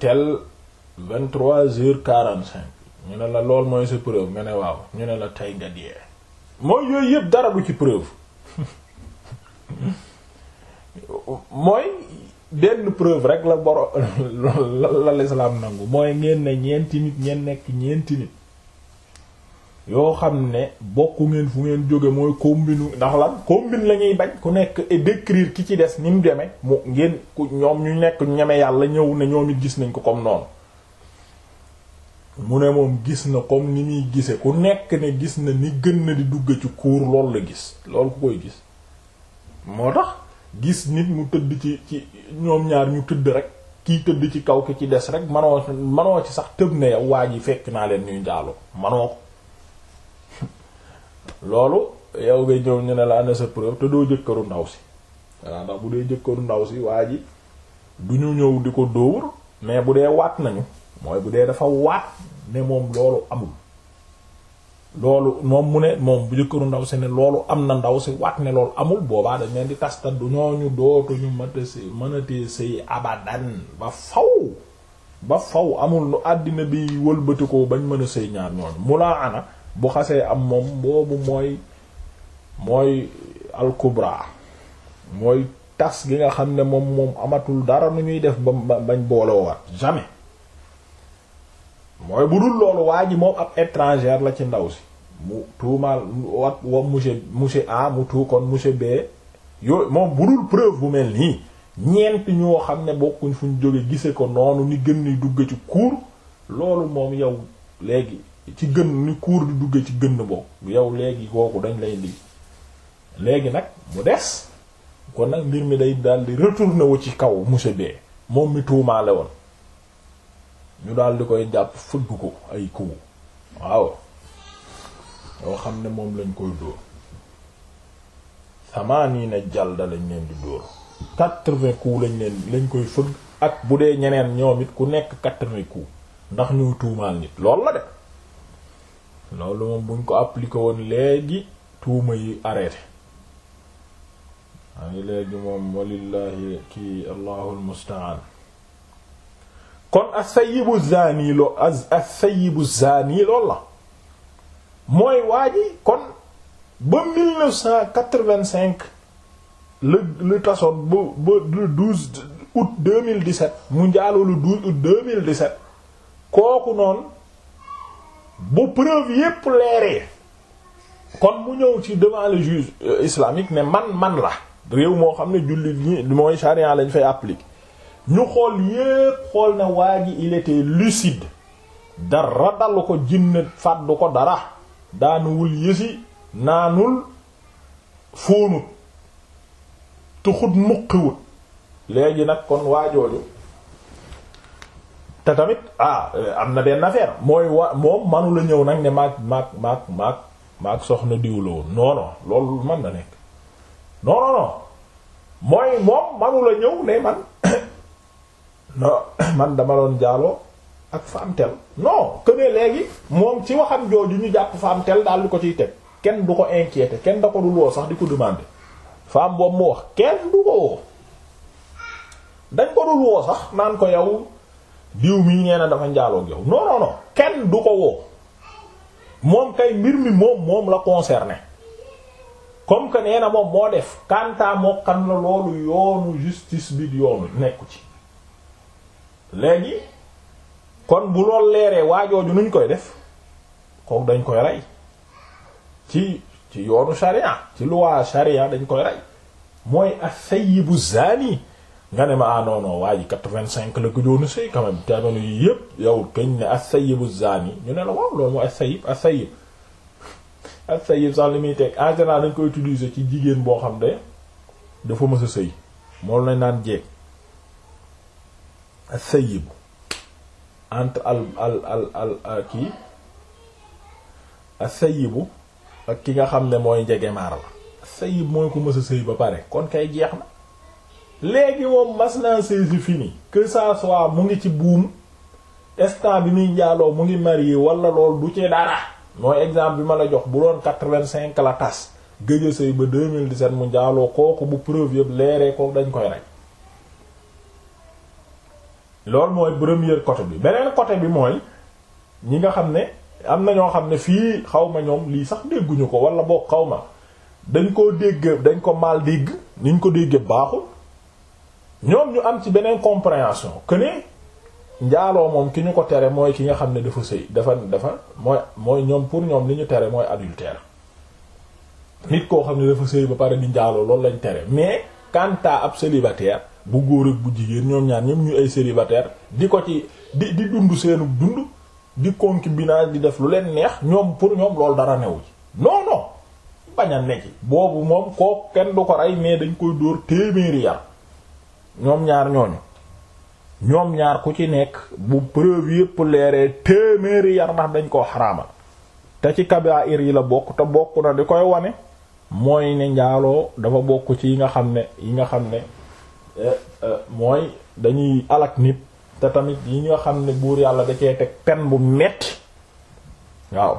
vingt-trois heures quarante-cinq ñu ne la lool mooy sa preuve nga waaw ñu ne la tey nga dee mooy yooyu yëpp dara du ci preuve mooy benn preuve rek la boro la lislaam nangu mooy ngeen ne ñeenti nit ngeen nekk ñeenti nit yoo xam ne bokku ngeen fu ngeen jóge mooy combine ndax lan combine la ñuy bañ ku nekk et ki ci des ni mu demee mu ngeen ku ñoom ñu nekk ñeme yàlla ñëw ne ñoom it gis nañ ko comme noonu mu ne moom gis na comme ni muy gise ku nekk ne gis na ni gën na di dugg ci kuur lool la gis loolu ku koy gis moo tax gis nit mu tëdd ci ci ñoom ñaar ñu tëdd rek kii tëdd ci kaw ki ci des rek manoo manoo ci sax tëb na yow waa ji fekk naa leen ñuy njaaloo manoo ko loolu yow ngay ñëw ñu ne laa ana sa preuve te doo jëkkëru ndaw si waaw ndax bu dee jëkkëru ndaw si waa ji du ñu ñëw di ko dóor mais bu dee waat nañu mooy bu dee dafa waat ne moom loolu amul loolu moom mu ne moom bu jëkkëru ndaw si ne loolu am na ndaw si waat ne loolu amul boobaa dañ leen di tasta du ñooñu ñu mata si mënatee sëy abadan ba faw ba faw amul lu àddina bi wëlbatikoo bañ mën a sëy ñaar ñooñu mulaa ana bu xasee am moom boobu mooy mooy alkubra mooy tas gi nga xam ne moom moom amatul dara nu ñuy def ba bañ booloo waat mooy bu dul loolu waa ji moom ab étranger la ci ndaw si mu tuumaal wat wa monsieur monsieur A mu tuu kon monsieur B yooyu moom bu dul preuve bu mel nii ñeent ñoo xam ne bokkuñ fuñ jóge gise ko noonu ni gën ni dugg ci kuur loolu moom yow léegi ci gën ni kuur di dugg ci gën bokk yow léegi kooku dañ lay lii léegi nag mu des kon nag mbir mi day daldi retourné wu ci kaw monsieur B moom mi tuumaale woon ñu daal di koy jàpp fëgg ko ay kuwu waaw yoo xam ne moom lañ koy dóor samaani na jalda lañ leen di dóor quatre-vingts coups lañ leen lañ koy fëgg ak bu dee ñeneen ñoom it ku nekk quatre-vingts coups ndax ñuy tuumaal nit lool la de loolu moom buñ ko appliqué léegi tuuma yi arrêté waaye léegi moom walillahi ki allahul musta'an kon as-sayyibu zani lo as-sayyibu zani lool la mooy waa kon ba 1985 la la tasoon ba ba le 12 août 2017 mu njaaloo le 12 août 2017 kooku noonu bu preuve yépp leeree kon mu ñëw ci devant le juge euh, islamique ne man man la réew moo xam ne jullit ñi mooy charia lañ fay appliquer ñu xool yépp xool na waa ji il lucide dara dalu ko jinne fàddu ko dara daanuwul yësi naanul fóonut tuxut muqiwut léegi nag kon waajooju te tamit ah am na benn affaire mooy wa moom manu la ñëw nag ne maag maag maag maag maag soxna diwla woon loolu man na nekk non mooy moom manu la ne man non man dama doon jaaloo ak faamtel no que ne léegi moom ci waxam jooju ñu jàpp faamtel daal di ko ciy teg kenn du ko inquiété kenn da ko dul woo sax di ko demandé faam boobu mu wax kenn du ko woo dañ ko dul woo sax naan ko yow diw mii nee na dafa njaaloo yow non kenn du ko woo moom kay mbir mi moom moom la concerné comme que nee na moom moo def quant à moo kan la loolu yoonu justice bi yoonu nekku ci. léegi kon bu lool leeree waajooju nuñ koy def kooku dañ koy rey ci ci yoonu sharia ci luwaa sharia dañ koy rey mooy as bu zani nga ne ma ah non non waa ji quatre-vingt-cinq la ko joonu sëy quand même yii yëpp yow këñ ne as-sayyibu zani ñu ne la waaw loolu mooy as-sayyib as-sayyib as-sayyib sax li muy teg en dañ koy utiliser ci jigéen boo xam ne dafa mës a sëy moom lañ naan jeeg as-sayyib entre al al al al kii as-sayyibu ak ki nga xam ne mooy njegemaar la sayib mooy ko mës a sëy ba pare kon kay jeex na léegi moom mas naa sëy si fini que ça soit mu ngi ci buum instant bi muy njaaloo mu ngi marié wala lool du ci dara mooy exemple bi ma la jox bu doon quatre-vingt-cinq la tas gëj a sëy ba 2017 mu njaaloo kooku bu preuve yëpp leeree kooku dañ koy rey loolu mooy premier côté bi beneen côté bi mooy ñi nga xam ne am na ñoo xam ne fii xaw ma ñoom lii sax dégguñu ko wala boog xaw ma dañ koo dégg dañ ko maal dégg niñ ko déggee baaxul ñoom ñu am ci beneen compréhension que ne njaaloo moom ki ñu ko tere mooy ki nga xam ne dafa sëy dafa dafa mooy mooy ñoom pour ñoom li ñu tere mooy adultère nit koo xam ne dafa sëy ba pare di njaaloo loolu lañ tere mais quant à ab célibataire bu góor bu jigéen ñoom ñaar ñoom ñu ay célibataire di ko ci di di dund seenu dund di concubinage di def lu leen neex ñoom pour ñoom loolu dara newu ci non non bañ a nekk boobu moom koo kenn du ko rey mais dañ koy dóor téeméeri yar ñoom ñaar ñooñu ñoom ñaar ku ci nekk bu preuve yépp leeree téeméeri yar ndax dañ koo xaraamal te ci kabaa'ir yi la bokk te bokk na di koy wane mooy ne njaaloo dafa bokk ci yi nga xam ne yi nga xam ne Eh, eh, mooy dañuy alak nit te tamit yi nga xam ne buur yàlla da cee teg pen bu metti waaw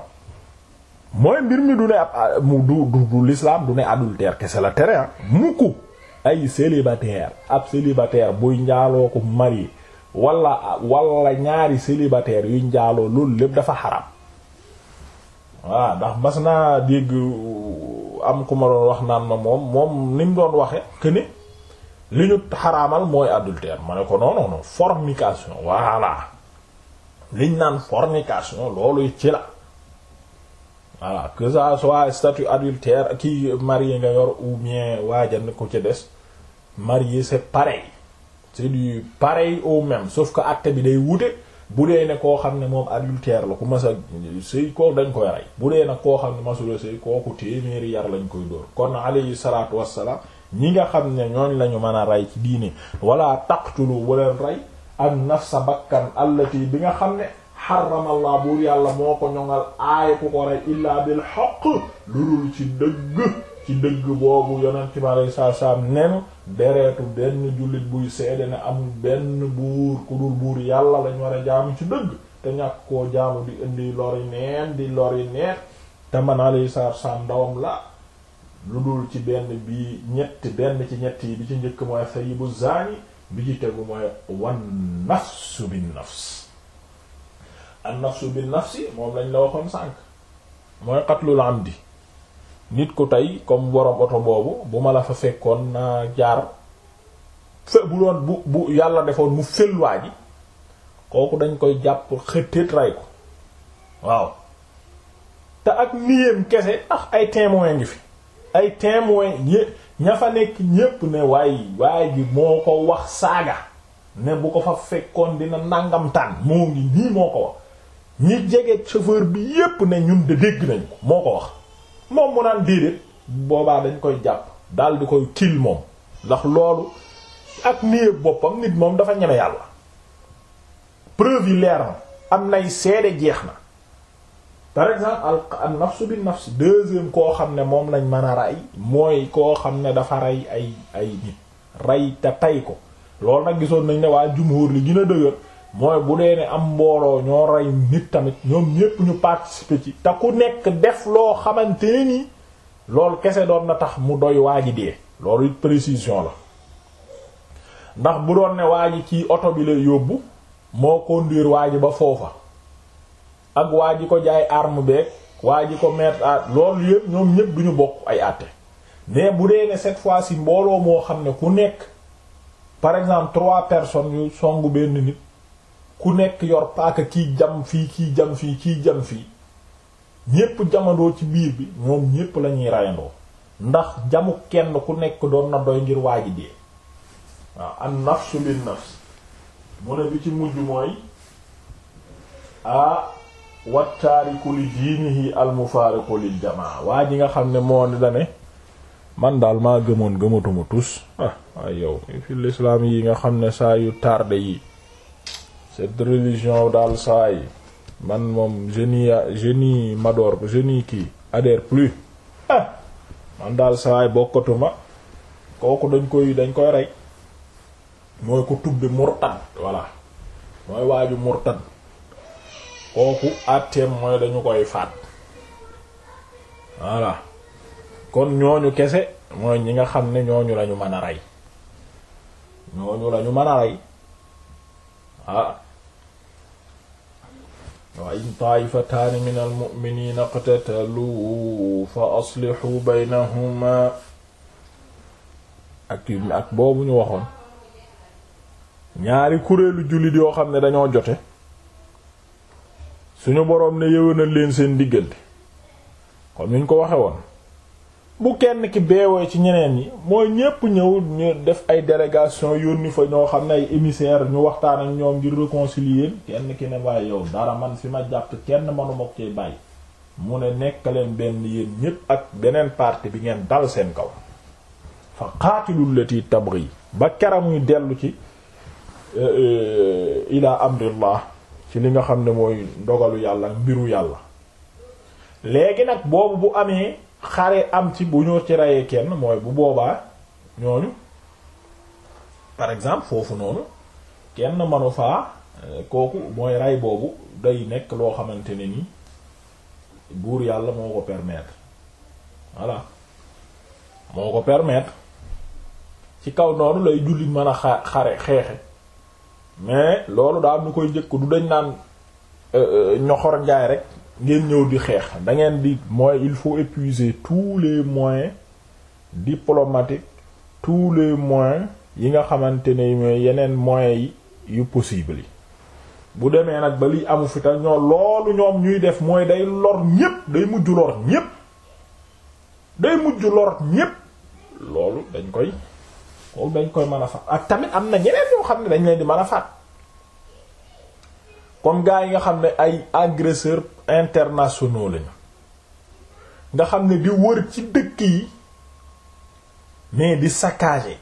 mooy mbir mi du ne ab ah, mu du du du l'islam du ne adultère kese la tere ah mukk ay célibataire ab célibataire buy njaaloo ko mari wala wala ñaari célibataire yuy njaaloo loolu lépp dafa xaram waaw ndax mas naa dégg am ku ma doon wax naan ma moom moom ni mu doon waxe que li ñu xaraamal mooy adultère ma ne ko non formication non fornication liñ naan formication loolu ci la voilà que ça soit statut adultère kii marié nga yor ou bien waajan ko ci des marié c'est pareil c'est du pareil au même sauf que acte bi day wute bu dee ne koo xam ne moom adultère la ku mas a sëy dañ koy rey bu dee nag koo xam ne masula sëy kooku téeméeri yar lañ koy dóor kon alayhi salaatu wassalaam ñi nga xam ne ñooñ lañu mën a rey ci diine wala taqtulu bu leen rey an sa bakkan allati bi nga xam ne xaramallah buur yàlla moo ko ñoŋal aay ku ko rey illaa bil xaq lu dul ci dëgg ci dëgg boobu yonent mi alei saatu salaam nenu dereetu benn jullit buy seede ne amul benn buur ku buur yàlla lañu war a jaamu ci dëgg te ñàkk koo jaamu di indi lori neen di lori neen te man alei saatu ndawam la lu dul ci benn bi ñett benn ci ñett yi bi ci njëkk mooy sayibu zani bi ci tegu mooy wan nafsu bin nafs an nafsu bin nafsi moom lañ la waxoon sànq mooy qatlul amdi nit ku tey comme borom oto boobu bu ma la fa fekkoon naa jaar fe bu doon bu bu yàlla defoon mu fëlwaa ji kooku dañ koy jàpp xëttéet ray ko waaw te ak niyem kese tax ay témoin ngi fi ay temo ña fa nekk ñépp ne waay waay bi moo ko wax saaga ne bu ko fa fekkoon dina nangamtaan moo ngi nii moo ko wax ñi jege chauffeur bi yépp ne ñun de dégg nañ moo ko wax moom mu naan déedéet boobaa dañ koy jàpp daal di koy til moom ndax loolu ak niee boppam nit moom dafa ñeme yàlla preuve yi leer na am nay seede jeex na par exemple al nafsu bin nafsi deuxième koo xam ne moom lañ mën a rey mooy koo xam ne dafa rey ay ay nit rey te tay ko loolu nag gisoon nañ ne waa jumhur li gën a dëgër mooy bu dee ne am mbooloo ñoo rey nit tamit ñoom ñépp ñu participer ci te ku nekk def loo xamante ni loolu kese doon na tax mu doy waa ji dee loolu it précision la ndax bu doon ne waa ji ci oto bi la yóbbu moo conduire waa ji ba foofa ak waa ji ko jaay arme beeg waa ji ko mettre à loolu yëpp ñoom ñëpp duñu bokk ay àtte mais bu dee ne cette fois ci mbooloo moo xam ne ku nekk par exemple trois personnes yu songu benn nit ku nekk yor paaka kii jam fii kii jam fii kii jam fii ñépp jamandoo ci biir bi ñoom ñépp lañuy ñuy rayandoo ndax jamu kenn ku nekk doon na ngir waa ji dee waaw an nafsu bin nafs mu ne bi ci mujj mooy ah wattaariku li diinihi almufaariqu lil jamaa waa ji nga xam ne moo ne man daal maa gëmoon gëmatuma tus ah waaye yow fi lislaam yi nga xam ne saa yu tardé yi cette religion daal saa yi man moom geni geni madoor geni kii adhère plus ah man daal saa yi bokkatuma kooku dañ koy dañ koy rey mooy ko tubbi murtad voilà mooy waaju murtad kooku àtteem mooy dañu koy faat voilà kon ñooñu kese mooy ñi nga xam ne ñooñu lañu mën a rey ñooñu lañu mën a rey ah wa in taifataani min almuminina qtataluu fa aslixuu baynahuma ak ak boobu ñu waxoon ñaari kuréelu jullit yoo xam ne dañoo jote suñu boroom ne yëwénal leen seen diggante kon ñu ko waxe woon bu kenn ki beewee ci ñeneen yi mooy ñépp ñëw ñu def ay délégation yónni fa ñoo xam ne ay émissaire ñu waxtaan ak ñoom ngir réconcilier kenn ki ne waaye yow dara man fi ma jàpp kenn manu ko cee bàyyi mu ne nekk leen benn yéen ñépp ak beneen parti bi ngeen dal seen kaw fa qaatilul lati yi ba keram ñu dellu ci euh, euh, ila amrillah ci li nga xam ne mooy ndogalu yàlla mbiru yàlla léegi nag boobu bu amee xare am ci bu ñoo ci reyee kenn mooy bu boobaa ñooñu par exemple foofu noonu kenn manu faa eh, kooku mooy ray boobu day nekk loo xamante ne ni buur yàlla moo ko permettre voilà moo ko permettre ci kaw noonu lay jullit mën a xa xare xeexe mais loolu daa am lu koy jëkk du dañ naan ñoxor euh, euh, njaay rek ngeen ñëw di xeex da ngeen di mooy il faut épuiser tous les moyens diplomatiques tous les moyens yi nga xamante ne mooy yeneen moyens yi yu possible yi bu demee nag ba liy amu fi te loolu ñoom ñuy def mooy day lor ñépp day mujj lor ñépp day mujj lor ñépp loolu dañ koy kooku dañ koy mën a faat ak tamit am na ñeneen ñoo xam ne dañ leen di man a faat kon gars yi nga xam ne ay agresseurs internationaux lañu nga xam ne di wër ci dëkk yi mais di saccager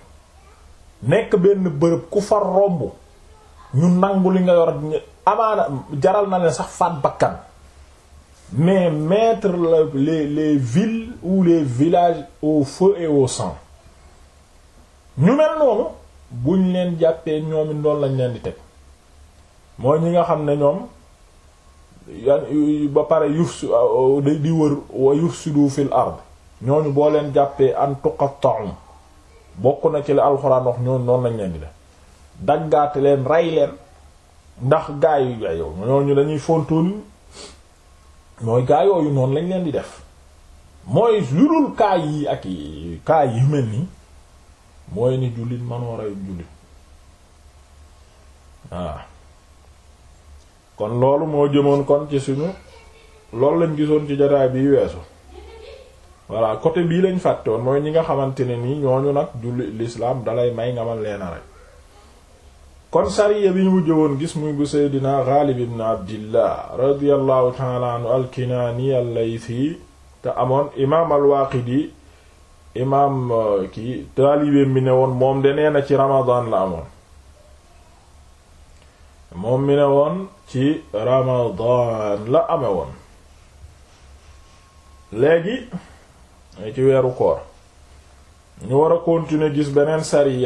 nekk benn bërëb ku fa romb ñu nangu li nga yor amaana jaral na leen sax faat bakkan mais mettre les les ville ou les village au feu et au sang ñu mel noonu buñ leen jàppee ñoom it noonu lañ leen di teg mooy ñi nga xam ne ñoom ba pare yufsu uh, uh, day di wër wa yufsidu fil ard ñooñu boo leen jàppee an tuqatta'u bokk na ci la alxuraan wax ñooñu noonu lañ leen di def daggaate leen ray leen ndax gaa yu yow ñooñu dañuy fontoon mooy gaa yooyu noonu lañ leen di def mooy lu dul kaa yi ak kaa yu mel nii. mooy ni jullit manoo rey jullit waaw ah. kon loolu moo jëmoon kon ci suñu loolu lañ gisoon ci jotaay bi weesu voilà côté bii lañ fàtte mooy ñi nga xamante ne nii ñooñu nag julli l'islam dalay may nga man leena rek kon sariya bi ñu mujj woon gis muy bu seydina Ghalib ibn Abdillah radiyallahu ta'ala anhu al-Kinaani al-Laythi te amoon imaam al-Waaqidi imaam euh, kii taalibeem bi ne woon moom de nee na ci ramadan la amoon moom mi ne woon ci ramadan la ame woon léegi ci weeru koor ñu wara a continuer gis beneen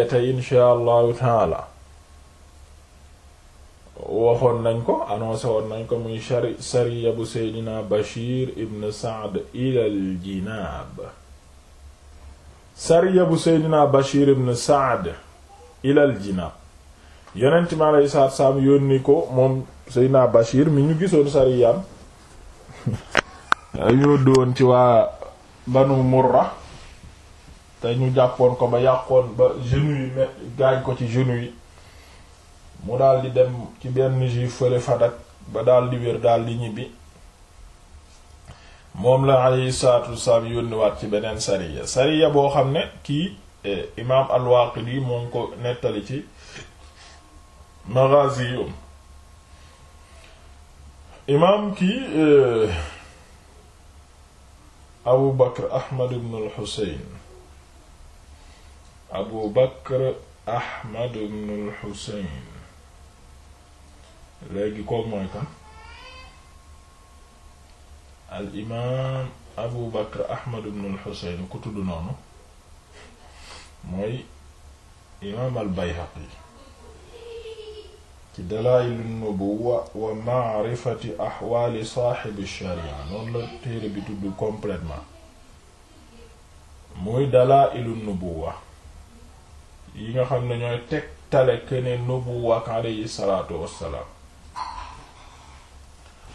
te insha allahu taala waxoon nañ ko annoncé woon nañ ko muy sariya bu seydina Bashir ibn Saad ilal jinaab sariya bu seydina Bashir ibn Saad ilal jinaab yonent mi alayhi salaatu salaam yónni ko moom seydina Bashir mi ñu gisoon sariyaam yóddu woon ci waa Banu Murra te ñu jàppoon ko ba yàqoon ba genou yi me gaañ ko ci genou yi mu daldi dem ci benn juif fële Fadak ba daldi wér daldi ñibbi moom la alayhi saatu wasalaam yónniwaat ci beneen sariya sariya boo xam ne kii eh, imaam al moom ko nettali ci maghazi yom imaam kii eh, Abu Bakr Ahmad ibn al Abu Bakr Ahmad ibn al léegi kooku mooy kan al imaam Abu Bakr Ahmad ibn al Husayn ku tudd noonu mooy imaam al Bayhaqi ci Dalaa'il an wa ma'rifati ahwaali saahibi ash noonu la téere bi tudd complètement muy Dalaa'il an yi nga xam ne ñooy tegtale ke ne nubuwwa alayhi salaatu wassalaam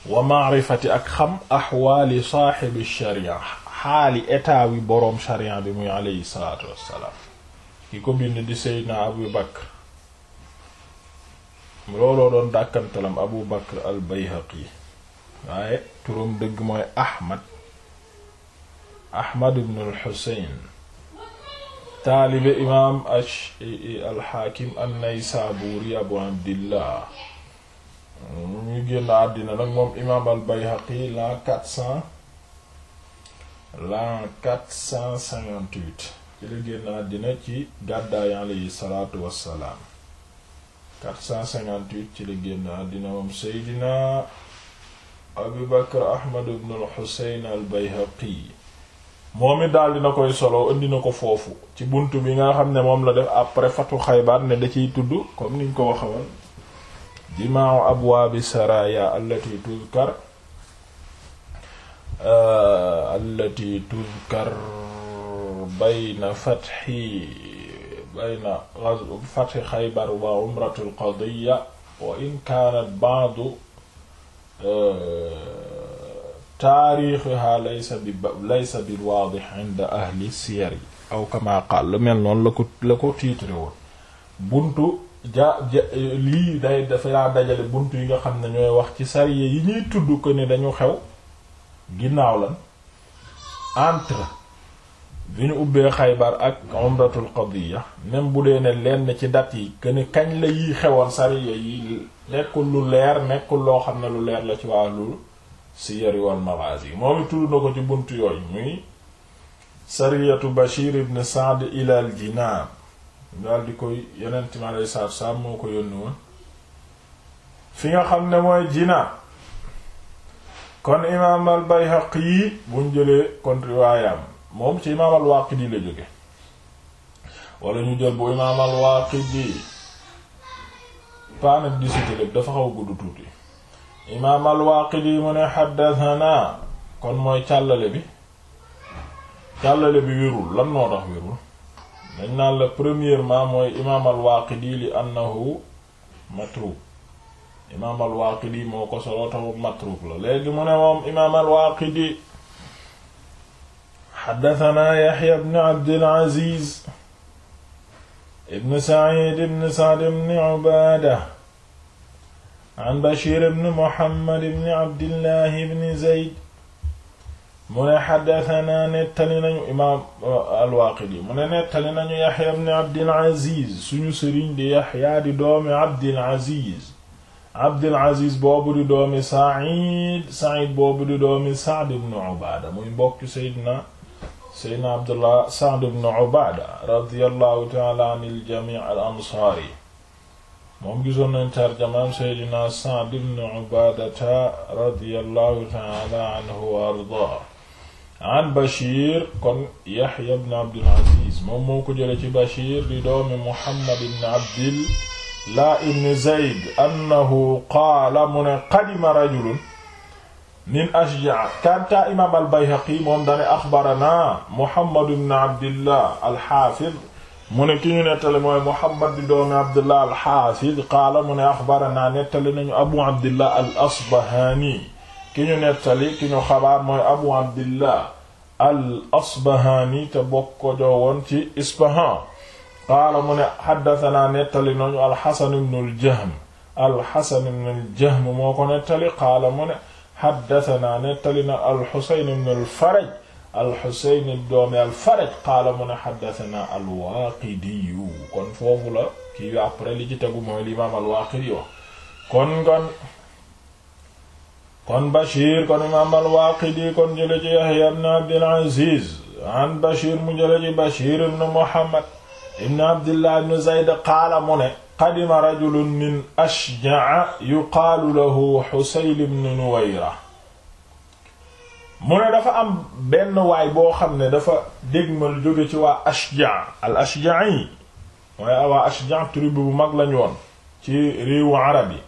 wa maarifati ak xam axwaali saaxibi sharia xaali état wi boroom sharia bi muy aleyhi salaatu wassalaam ki ko bind di seydna abu bakr looloo doon dàkkantalam abu bakr al bayhaqi waaye turam dëgg mooy ahmad al xuseyn taalibe imaam al xaakim an naysaabuuri abu abdillah mu ngi génn àddina nag moom imaam al Bayhaqi l'an quatre cent l'an quatre cent cinquante ci la génn àddina ci gàddaay alayhi salaatu wassalaam ci la génn àddina moom Seydina Abu Bakr Ahmad ibn al bayhaqi moom it daal dina koy solo indi na ko foofu ci bunt bi nga xam ne moom la def après fatu Xaybar ne da ciy tudd comme niñ ko waxewoon jimaau abwaabi saraya allati tuzkar allati tuzkar bayna fatxi bayna fatxi xaybar wa umratu alqadiya wa in kaanat ba'du taarixiha laysa bi laysa bil waadix inda ahli siyar yi aw kama qaal lu mel noonu la ko la ko tiitre woon buntu ja lii day dafa laa dajale bunt yi nga xam ne ñooy wax ci sariya yi ñuy tudd ko ne dañu xew ginnaaw lan entre bi ñu ubbee xaybar ak umratul qadiya même bu dee ne lenn ci dat yi ne kañ la yiy xewoon sariya yi nekkul lu leer nekkul loo xam ne lu leer la ci wàllu siyar wal maghazi moom tudd na ko ci bunt yooyu muy sariyatu Bashir ibn Sa'd ila al jinaan dal di koy yonent mi alayhi salaatu salaam moo ko yónni woon fi nga xam ne mooy jina kon imaam al Bayhaqi buñ jëlee kon riwaayam moom ci imaam al Waaqidi la jóge wala ñu jël bu imaam al Waaqidi paanam di cité lépp dafa xaw gudd tuuti imaam al Waaqidi mu ne xaddathana kon mooy càllale bi càllale bi wérul lan noo tax wérul dañ naan la premièrement mooy imaam al-Waaqidi li annahu matruuk imaam al-Waaqidi moo ko solo tawu matruuk la léegi mu ne moom imaam al-Waaqidi xaddatanaa Yaxya ibn Abdil Aziz ibn Saciid ibn Sacd ibn Cubaada an Bashiir ibn Muhammad ibn Abdillahi ibn Zayd mu ne xaddatanaa nettali nañu imaam uh, alwaaqidi mu ne nettali nañu yaxya bni abdil aziz suñu sëriñ di yaxya di doomi abdil aziz abdil aziz boobu di doomi said said boobu di doomi saad bnu ubaada muy mbokk seydina seydina abdullah saad bnu ubaada radiyallahu taala an iljami al ansaari moom gisoon nañ tarjamaam seydina saad bnu ubaadata radiyallahu taala anhu wa ardaa an Bashir kon Yahya ibn Abdul Aziz moom moo ko jële ci Bashir di doomi Muhammad ibn Abdillah ibn Zayd annahu qaala mu ne qadima rajulun min Ashja' kanta imaam al-Bayhaqi moom dane axbarana Muhammad ibn Abdillah al-Hafiz mu ne ki ñu nettali mooy Muhammad di doomi Abdillah al-Hafiz qaala mu ne axbarana nettali nañu Abu Abdillah al-Asbahani ki ñu nettali ki ñu xabaar mooy abu abdillah al asbahaani te bokk ko joowoon ci ispahan qaala mu ne xaddatanaa nettali nañu alxasan ibnu aljahm alxasan ibnu aljahm moo ko nettali qaala mu ne xaddatanaa nettali na alxusayn ibnu alfaraj alxusayn doomi alfaraj qaala mu ne xaddatanaa alwaaqidiyu kon foofu la kii après li ci tegu mooy limaam alwaaqidi wax kon kon kon Bashir kon imaam al-Waaqidi kon jële ci Yahya ibn Abdul Aziz an Bashir mu jële Bashir ibn Muhammad ibn Abdillah ibn Zayd qaala mu ne qadima rajulun min Ashja'a yuqaalu lahu Husayl ibn Nuwayra mu dafa am benn waay boo xam ne dafa dégmal jóge ci waa Ashja' al-Ashja'i mooy waa Ashja' bu mag lañu ci réewu arab yi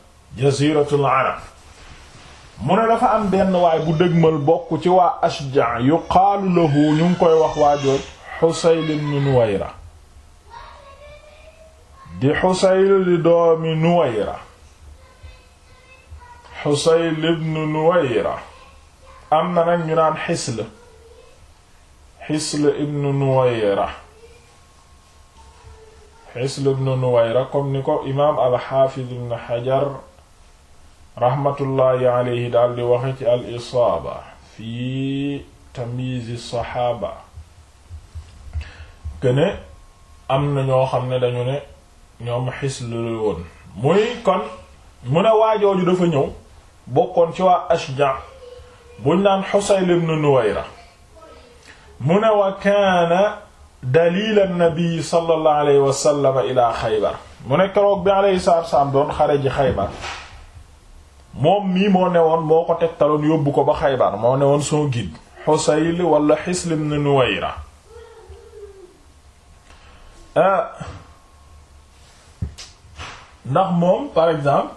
jaziratul mu ne dafa am benn waay bu dëgmal bokk ci waa Ashja yuqaalu lahu ñu ngi koy wax waajooj Husayl ibn Nuwayra di Husayl di ibn Nuwayra am na nag ñu naan Hisl Hisl ibn Nuwayra Hisl ibn Nuwayra comme ni ko imaam al-Hafiz ibn Hajar raxmatullaahi alayhi daal di waxe ci al isaaba fii tamyizi saxaaba gëne am na ñoo xam ne dañu ne ñoom xislu woon muy kon mu ne waajooju dafa ñëw bokkoon ci waa ashja buñ naan xusayl ibn nuwayra mu ne wa kaana dalila nabi sallallahu alayhi wa sallam ila xaybar mu ne keroog bi alayhi salaam doon xare xaybar moom mii moo newoon moo ko tegtaloon yóbbu ko ba Xaybar moo newoon son guide Husayl wala Hisl ibn Nuwayra euh, ndax moom par exemple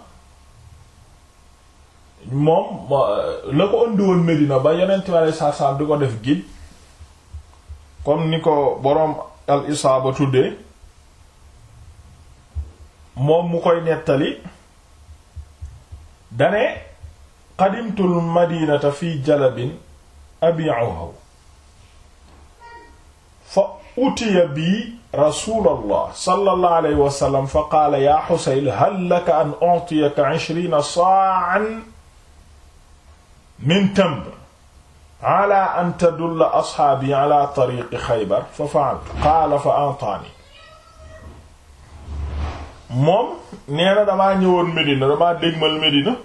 moom euh, la ko ëndi woon Medina ba yonent bi aleyhi salaatu salaam ko def guide comme ni ko boroom al isaaba tuddee moom mu koy nettali dane qadimtul madinata fi jalabin abi'uhu fa utiya bi rasulallah sallallahu alayhi wa sallam fa qaala yaa xusayl hal laka an u'tiyaka ishriina saa'an min tamr ala an tadulla ashaabi ala tariiqi xaybar fa fa'altu qaala fa a'taani moom nee na damaa ñëwoon Medina damaa dégmal Medina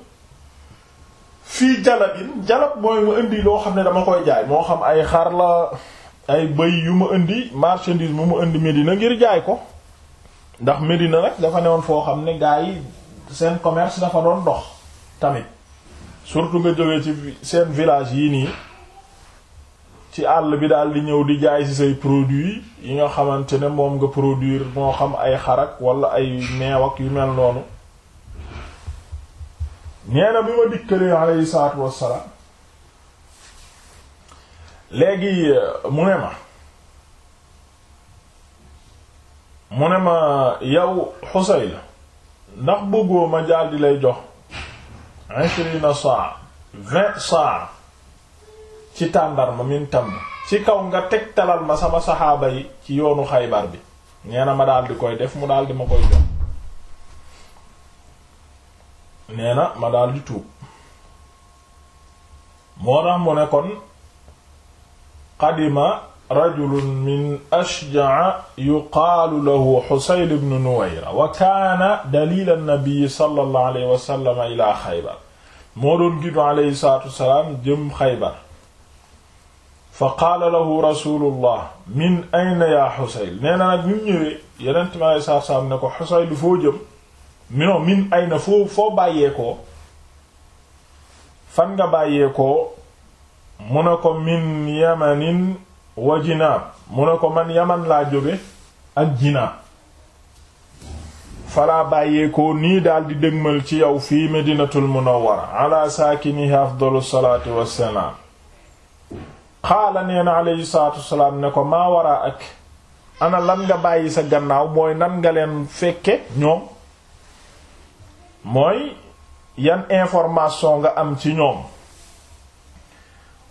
fii jalabin jalab mooy ma indi loo xam ne dama koy jaay moo xam ay xar la ay bëy yu ma indi marchandise bu ma indi Medina ngir jaay ko ndax Medina nag dafa newoon foo xam ne gaa yi seen commerce dafa doon dox tamit surtout nga jógee ci seen village yii nii ci àll bi daal di ñëw di jaay ci say produits yi nga xamante ne moom nga produir moo xam ay xarak walla ay meew ak yu mel noonu nee na bi ma dikkalee alayhi wassalaam léegi uh, mu ne ma mu ne ma yow Xusayl ndax bëggoo ma jaal di lay jox. 20 saa 20 saa. ci tàndarma min tàmm ci kaw nga talal ma sama saxaaba ci yoonu xaybar bi neena na ma daal di koy def mu daal di ma koy jox nee na ma daal di tuub moo tax ne kon qadima rajulun min ashja'a yuqaalu lahu xusayl ibnu nuwayra wa kaana dalila nnabii sallallahu alayhi wa sallam ila xaybar fa qaala lahu rasulullah min ayna yaa xusayl nee na ñun ñëwee yenent mi alei saatu ne ko xusayl foo jëm minon min ayna foo foo bàyyeekoo fan nga bàyyeekoo mu ne ko min yamanin wa jinaab mu ne ko man yaman laa jóge ak jinaab falaa bàyyeekoo nii daal di dégmal ci yow fii medinatul munawwara ala saakinihi afdalu salaatu wassalaam xaala nee na alayhi salaatu wasalaam ne ko maa waraa ak ana lan nga bàyyi sa gannaaw mooy nan nga leen fekke ñoom mooy yan information nga am ci ñoom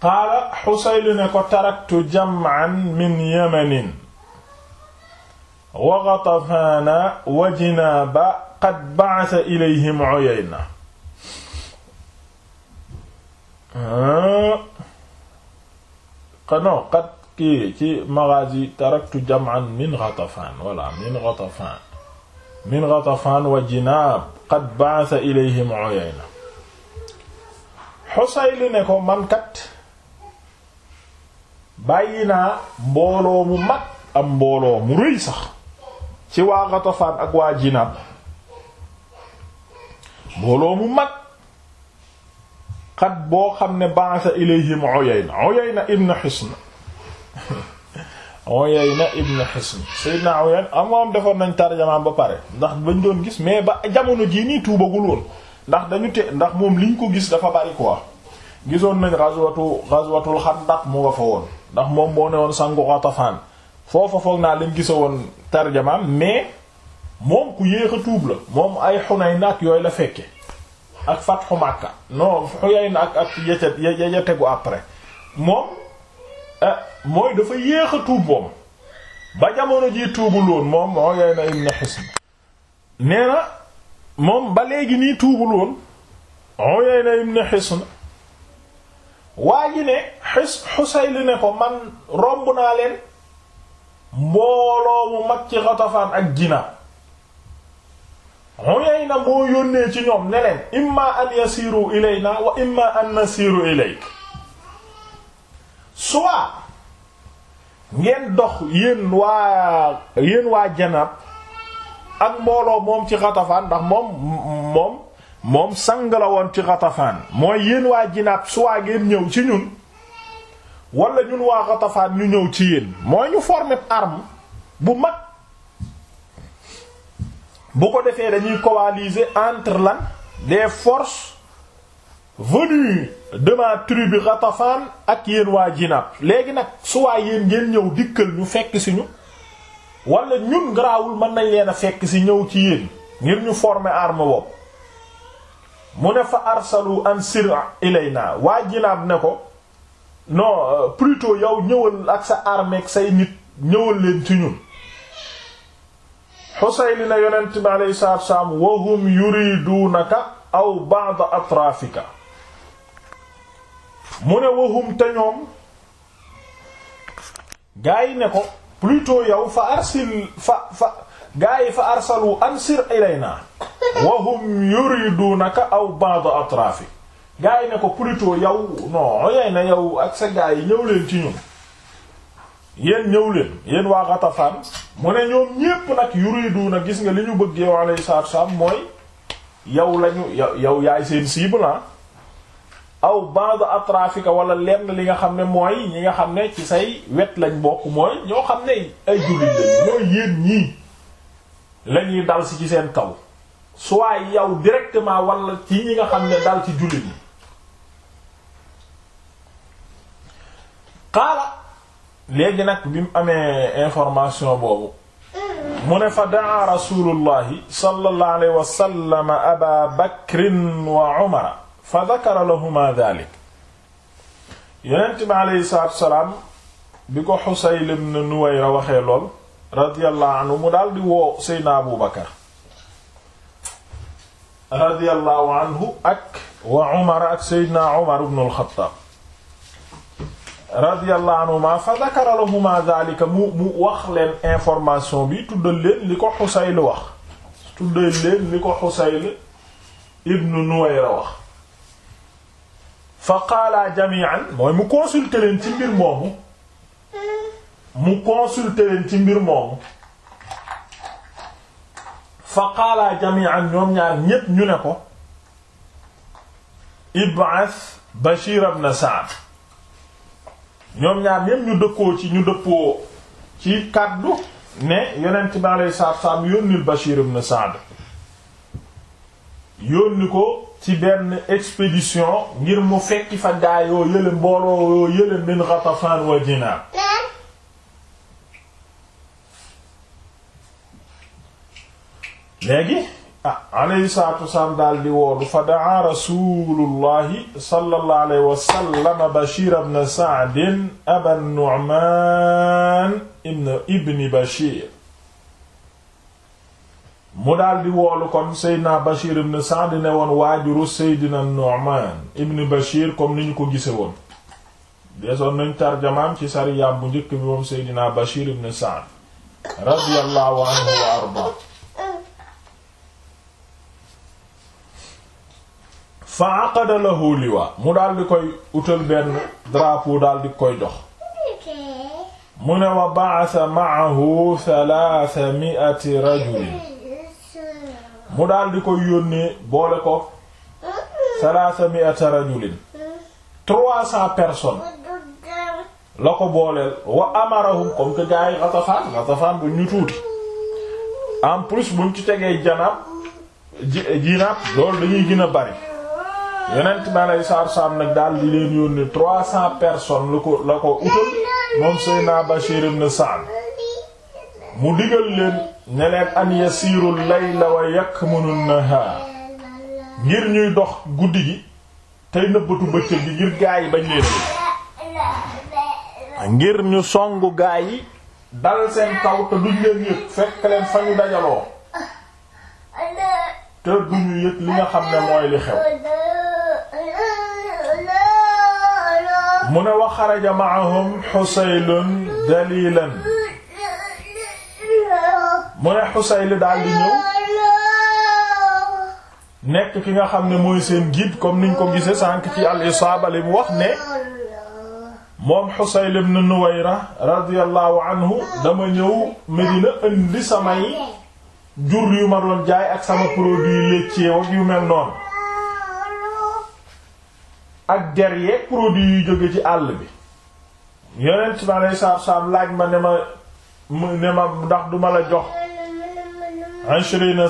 qaala xusaylu ne ko taraktu jam'an min yamanin wa gatafaana wa jinaaba qad ba'atha ilayhim uyayna non xat kii ci maghazi taraktu jam'an min ghatafan wala min ghatafan min ghatafan wa jinaab qad ba'atha ilayhim uyayna xusayli ne ko man kat bàyyi naa mbooloo mu mag am mbooloo mu rëy sax ci waa Ghatafaan ak waa Jinaab mbooloo mu mag xat boo xam ne ba'atha ilayhim Uyayna Uyayna ibn Hisn Uyayna ibn Hisn Seydina Uyayna am ah, moom defoon nañ tarjamaam ba pare ndax bañ doon gis mais ba jamono jii nii tuubagul woon ndax dañu te ndax moom liñ ko gis dafa bari quoi gisoon nañ ghazwatu ghazwatul Xandaq mu nga fa woon ndax moom moo ne woon sangu Ghatafaan foofa foog naa lañ gisa woon tarjamaam mais moom ku yéex a tuub la moom ay Hunayn ak yooyu la fekke ak fatxu Makka non Xuyayna ak ak ya ya tegu après moom eh, mooy dafa yéex a tuub moom ba jamono ji tuubul woon moom Uyayna ibn Hisn nee na moom ba léegi nii tuubul woon Uyayna ibn Hisn waa ji ne xis Xusayl ne ko man romb naa leen mbooloo mu mag ci Xatafaan ak Jinaab Uyayna moo yónnee ci ñoom ne leen imma an yasiru ilayna wa imma an nasiru ilayk soit ngeen dox yéen waa yéen waa janab ak mbooloo moom ci xatafaan ndax moom moom moom sang la woon ci xatafaan mooy yéen waa jinaab soit ngeen ñëw ci ñun wala ñun waa xatafaan ñu ñëw ci yéen mooy ñu former arme bu mag bu ko defee dañuy coaliser entre lan des forces venues de ma tribu Ghatafan ak yéen waa Jinab léegi nag suwaay yéen ngeen ñëw dikkal ñu fekk si ñu wala ñun garaawul mën nañ leen a fekk si ñëw ci yéen ngir ñu former arme bopp mu ne fa arsalu an sir ilayna waa Jinab ne ko no euh, plutôt yow ñëwal ak sa armeek say nit ñëwal leen ci ñun Xuseyn na yonent bi alayhi salaatu wassalaam wa hum yuriduunaka aw ba'da atraafika mu ne wa hum te ñoom gaa yi ne ko plutôt yow fa arsil fa fa gaa yi fa arsalu ansir ilayna wa hum yuriduunaka aw ba'da atraafika gaa ne ko plutôt yow non yey na yow ak sa gaa yi ci ñun yéen ñëw leen yéen waa Ghatafan mu ne ñoom ñépp nag yuriduna gis nga li ñu bëgg yow alayhi salaatu wassalaam mooy yow lañu yow yaay seen cible ah. aw ba'd atrafika wala lenn li nga xam ne mooy ñi nga xam ne ci say wet lañ bokk mooy ñoo xam ne ay jullit lañ mooy yéen ñii lañuy dal si ci seen kaw soit yow directement wala ci ñi nga xam ne dal ci jullit yi léegi nag bi mu amee information boobu mu ne fa daa rasulullahi sallallahu alayhi wa sallam aba bakrin wa umara fa dakara lahuma dalik yonent bi aleyhi salaatu wasalaam bi ko Xusayl ibn Nuwayra waxee lool radiyallahu anhu mu daal di woo Seydina Abu Bakar radiyallahu anhu ak wa Umar ak Seydina Umar ibn al-Khattab radiyallahu anhuma fa dakara lahuma zalika mu wax leen information bi tuddal leen li ko Xusayl wax tuddal leen li ko Xusayl ibnu Nuwayra wax fa qaala jami'an mooy mu consulter leen ci mbir moomu mu consulter fa qaala jami'an ñoom ñaar ñépp ñu ne ko ib'ath Bashir ibn Sa'd ñoom ñaar ñépp ñu dëkkoo ci ñu dëppoo ci kàddu ne yonent bi alayhi salaatu wasalaam yónnil Bashir ibn Sa'd yónni ko ci benn expédition ngir mu fekki fa gaa yoo yële mbooloo yoo yële min Ghatafan wa Jinaar léegi ah alayhi salaatu wasalaam daal di woolu fa daa rasulullahi sallallahu alayhi wa Bashir ibn Sa'd aba Nu'man ibn Bashir mu daal di woolu kon Seydina Bashir ibn Sa'd ne woon waajuru Seydina Nu'man ibn Bashir comme ni ñu ko gise woon desoon nañ tarjamaam ci sariyaam bu njëkk bi moom Seydina Bashir ibn Sa'd radiyallahu anhu wa arda fa aqada lahu liwa mu daal di koy utal benn drapeau daal di koy jox mu ne wa ba'atha ma'ahu thalatha mi'ati rajulin mu daal di koy yónnee boole ko thalatha mi'ati rajulin la ko booleel wa amarahum comme que gaa yi tuuti en plus buñ ci tegee janab ji jinaab loolu dañuy gën a bari yonent bi aleyhi salaatu salaam nag daal di leen yónni trois cents personnes la ko la ko utal moom Seydina Bachir ibn Sa'd mu digal leen ne leen an yasiirul layla wa yakmunu nahaar ngir ñuy dox guddi gi tey nëbbatu bëccëg gi ngir gaa yi bañ leen yëg ngir ñu song gaa yi dal seen kaw te duñ leen yëg fekk leen fa ñu dajaloo te duñu yëg li nga xam ne mooy li xew mu ne wa xaraja ma'ahum xusaylun dalilan mu ne xusayl daal di ñëw nekk ki nga xam ne mooy seen guide comme niñ ko gise sànq ci al isaaba li mu wax ne moom Xusayl ibn Nuwayra radiyallahu anhu dama ñëw Medina indi samay jur yu ma doon jaay ak sama produit laitier ak yu mel noonu ak der yeeg produit yu jóge ci àll bi yonent ma saab-saab laaj ma ne ma ne ma ndax duma la jox ashrina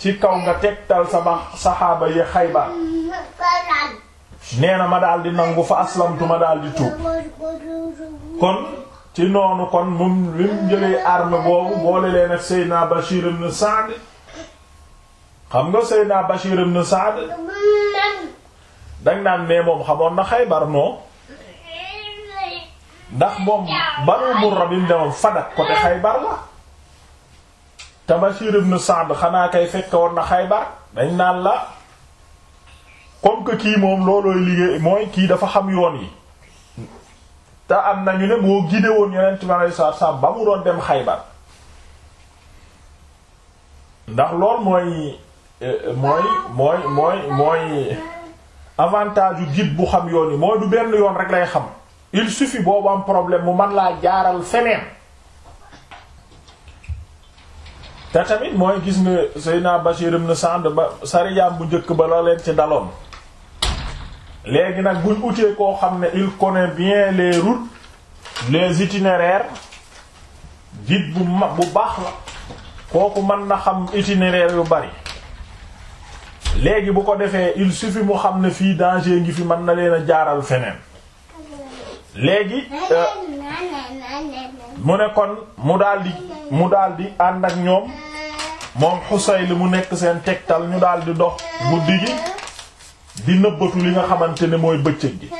ci kaw nga tegtal sama saxaaba yi Xaybar nee na ma daal di nangu fa aslamtu ma daal di tuub kon ci noonu kon mu jëlee arme boobu boole leen ak Seydina Bachir ibn xam nga Seydina Bachir ibn Sa'd dañ naan mais moom xamoon na Xaybar noo ndax moom Banu Murra bi mu demoon Fadak Xaybar la te Bashir ibn Sa'd xanaa kay fekke woon na Xaybar dañ naan la comme que kii moom loolooy liggéey mooy kii dafa xam yoon yi te am nañu ne moo gide woon ci bi alayhi salaatu salaam ba mu doon dem Xaybar ndax lool mooy eh, mooy mooy mooy mooy avantage yu guide bu xam yoon yi mooy du benn yoon rek lay xam il suffit boobu am problème mu man laa jaaral feneen te tamit mooy gis nga Seydina Bashir ibn Sa'd ba sariyaam bu njëkk ba la leen ci daloon léegi nag buñ utee koo xam ne il connaît bien les routes les itinéraires guide bu mag bu baax la kooku mën na xam itinéraire yu bari léegi bu ko defee il suffit mu xam ne fii danger ngi fi man na leen a jaaral feneen léegi euh, mu ne kon mu daldi mu daldi ànd ak ñoom moom li mu nekk seen tegtal ñu daldi dox guddi gi di nëbbatu li nga xamante ne mooy bëccëg gi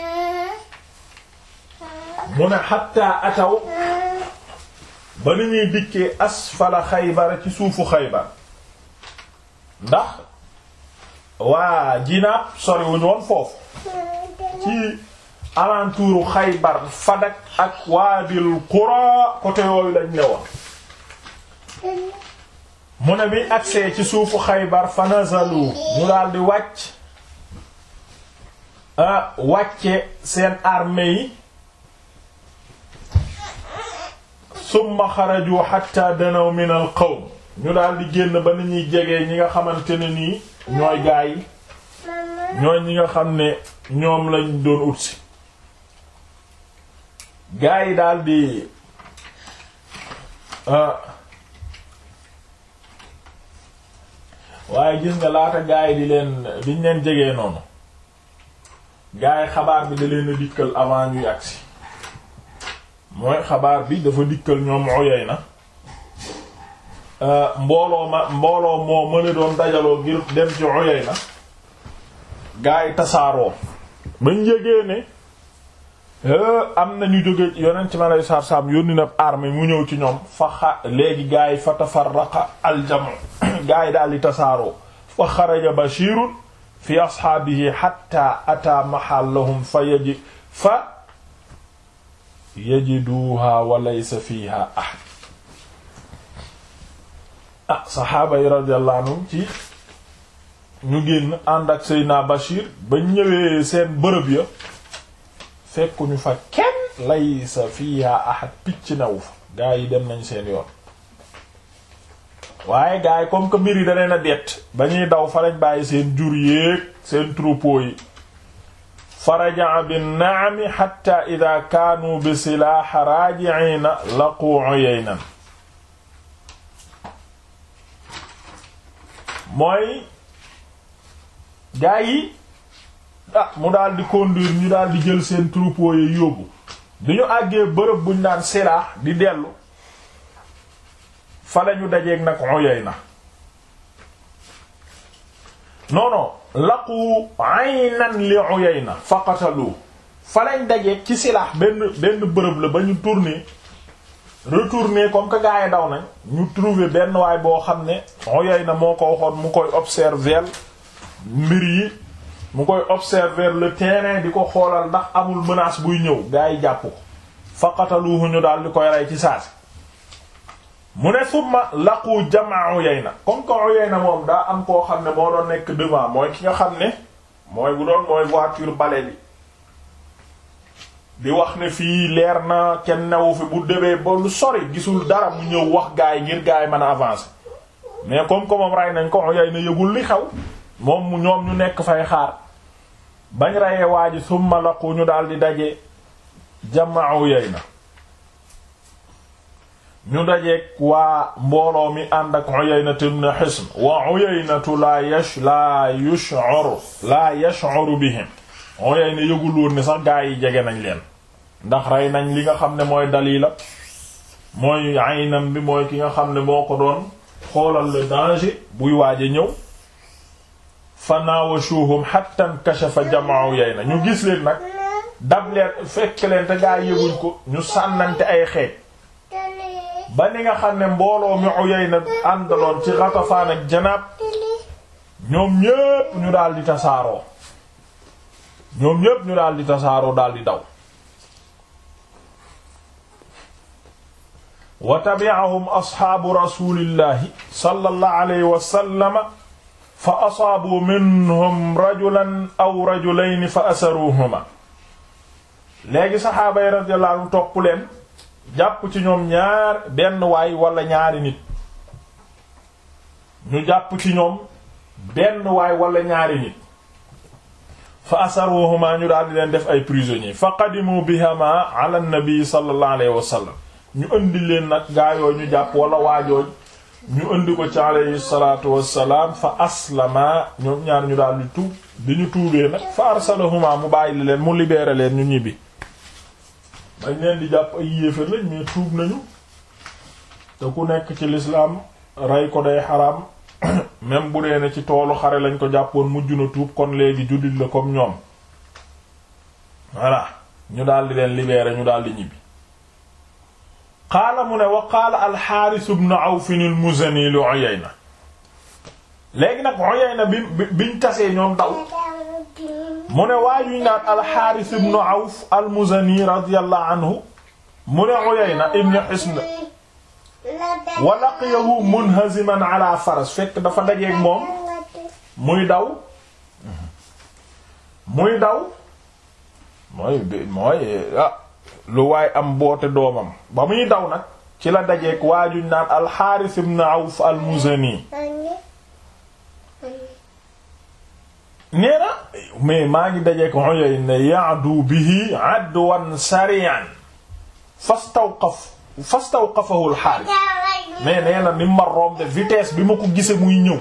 mu ne xatta ataw ba ni ñuy dikkee asfala xaybar ci suufu xaybar ndax waa jinaab sori wuñu woon foofu ci alentouru Xaybar Fadak ak Waadil Qura côté yooyu lañ ne woon mu ne bi agsee ci suufu Xaybar fanazalu ñu daal di wàcc wàcce seen armée yi summa xaraju hatta danaw min al qawm ñu daal di génn ba ni ñuy jege ñi nga xamante ne nii ñooy gaa yi ñooy ñi nga xam ne ñoom lañ doon si gaa yi daal di ah, waaye gis nga laata gaa yi di leen biñ leen jegee noonu gaa yi xabaar bi di leen a dikkal avant ñuy mooy xabaar bi dafa dikkal ñoom ooyey na Euh, mbooloo ma moo mën doon dajaloo ngir dem ci Uyayna gaa yi tasaaroo bañ yégee ne euh, am na ñu jóge yonent ma lay sar sam yónni na mu ñëw ci ñoom fa xa léegi yi fa tafarraqa aljamu gaa daal di tasaaroo fa xaraja Bashirun fi ashaabihi hatta ata mahallahum fa yaji fa yajiduha wa laysa fiha ahad ah saxaaba yi radiyallahu ci ñu génn ànd ak Seydina Bachir ba ñëwee seen bërëb ya fekkuñu fa kenn laysa fiha ahad picc nawu fa gaa yi dem nañ seen yoon waaye gaa yi comme que mbir yi danee na det ba ñuy daw farañ bàyyi seen jur yéeg seen troupeau yi faraja binnaami xatta ida kaanu bi silaaha raajiina laqu uyaynan mooy gaa yi ah mu daldi di conduire ñu daal di jël seen troupeau yi yóbbu du ñu àggee bërëb buñ naan sila di dellu fa la ñu dajeeg nag xoyey na non non laqu aynan li xoyey na faqatalu fa lañ dajeeg ci silaax benn benn bërëb la ba ñu tourner retourner comme que gars yi daw nañ ñu trouver benn waay boo xam ne na moo ko waxoon mu koy observer mbir yi mu koy observer le terrain di ko xoolal ndax amul menace buy ñëw gars jàpp ko faqataluhu ñu daal di koy rey ci saasi mu ne summa laqu jamaa Uyayna comme que Uyayna moom daa am koo xam ne moo doon nekk devant mooy ki nga xam ne mooy bu doon mooy voiture balai bi di wax ne fii leer na kenn newu fi bu demee ba lu sori gisul dara mu ñëw wax gaay yi ngir gaay yi mën a avancer mais comme que moom rey nañ ko yay na yëgul li xew moom ñoom ñu nekk fay xaar bañ reyee waa ji summa laqu ñu daal di daje jamaaw yay na ñu dajeeg waa mbooloo mi ànd ak Uyaynatu ibn Hisn wa Uyaynatu laa yash laa yush'uru laa yash'uru bihim Uyayna yëgul woon ni sax gaa yi jege nañ leen ndax rey nañ li nga xam ne mooy dalila mooy aynam bi mooy ki nga xam ne boo ko doon xoolal le danger buy waaj a ñëw fanaawashuhum hatta kashafa jamaaw yay na ñu gis leen nag dab leen fekk leen te gaa yëguñ ko ñu sànnante ay xeej ba ni nga xam ne mbooloo mi uyay na àndaloon ci Ghatafaan ak Janaab ñoom ñépp ñu daal di tasaaroo ñoom ñépp ñu daal di tasaaroo daal di daw wa tabi'ahum asxaabu rasulillahi sallallahu alayhi wa sallam fa asaabu minhum rajulan aw rajulayni fa asaruhuma léegi saxaaba yi radiyallahu anhu topp leen jàpp ci ñoom ñaar benn waay wala ñaari nit ñu jàpp ci ñoom benn waay wala ñaari nit fa asaruhuma ñu daal di def ay prisonniers fa qadimu bihama ala nabi sallallahu alayhi wa ñu indi leen nag gaayoo ñu jàpp wala waajooj ñu indi ko ci alayhi salaatu wassalaam fa aslama ñoom ñaar ñu daal di tuub bi ñu tuubee nag fa arsalahuma mu bàyyi leen mu libéré leen ñu ñibbi dañ leen di jàpp ay yéefar lañ mais tuub nañu te ku nekk ci lislaam rey ko day xaraam même bu dee ne ci toolu xare lañ ko jàppoon mujj na tuub kon léegi jullit la comme ñoom voilà ñu daal di leen libéré ñu daal di ñibbi qaala mu ne wa qaala alxaaris ibn Awf al-Muzani li Uyayna léegi nag Uyayna bi biñ tasee ñoom daw mu ne waa yuñ naan alxaaris ibn Awf al-Muzani radiyallahu anhu mu ne Uyayna ibn Hisn wa laqiyahu munhaziman ala faras fekk dafa dajeeg moom muy daw muy daw mooy mooy ah lu waay am boote doomam ba muy daw nag ci la dajeek waajuñ naan alxaaris ibn awf almuzani nee na mais maa ngi dajeek xoyoy ne yaadu bihi adwan sarian fastawqaf fastawqafahu alxaaris mais nee na ni ma rombe vitesse bi ma ko gisee muy ñëw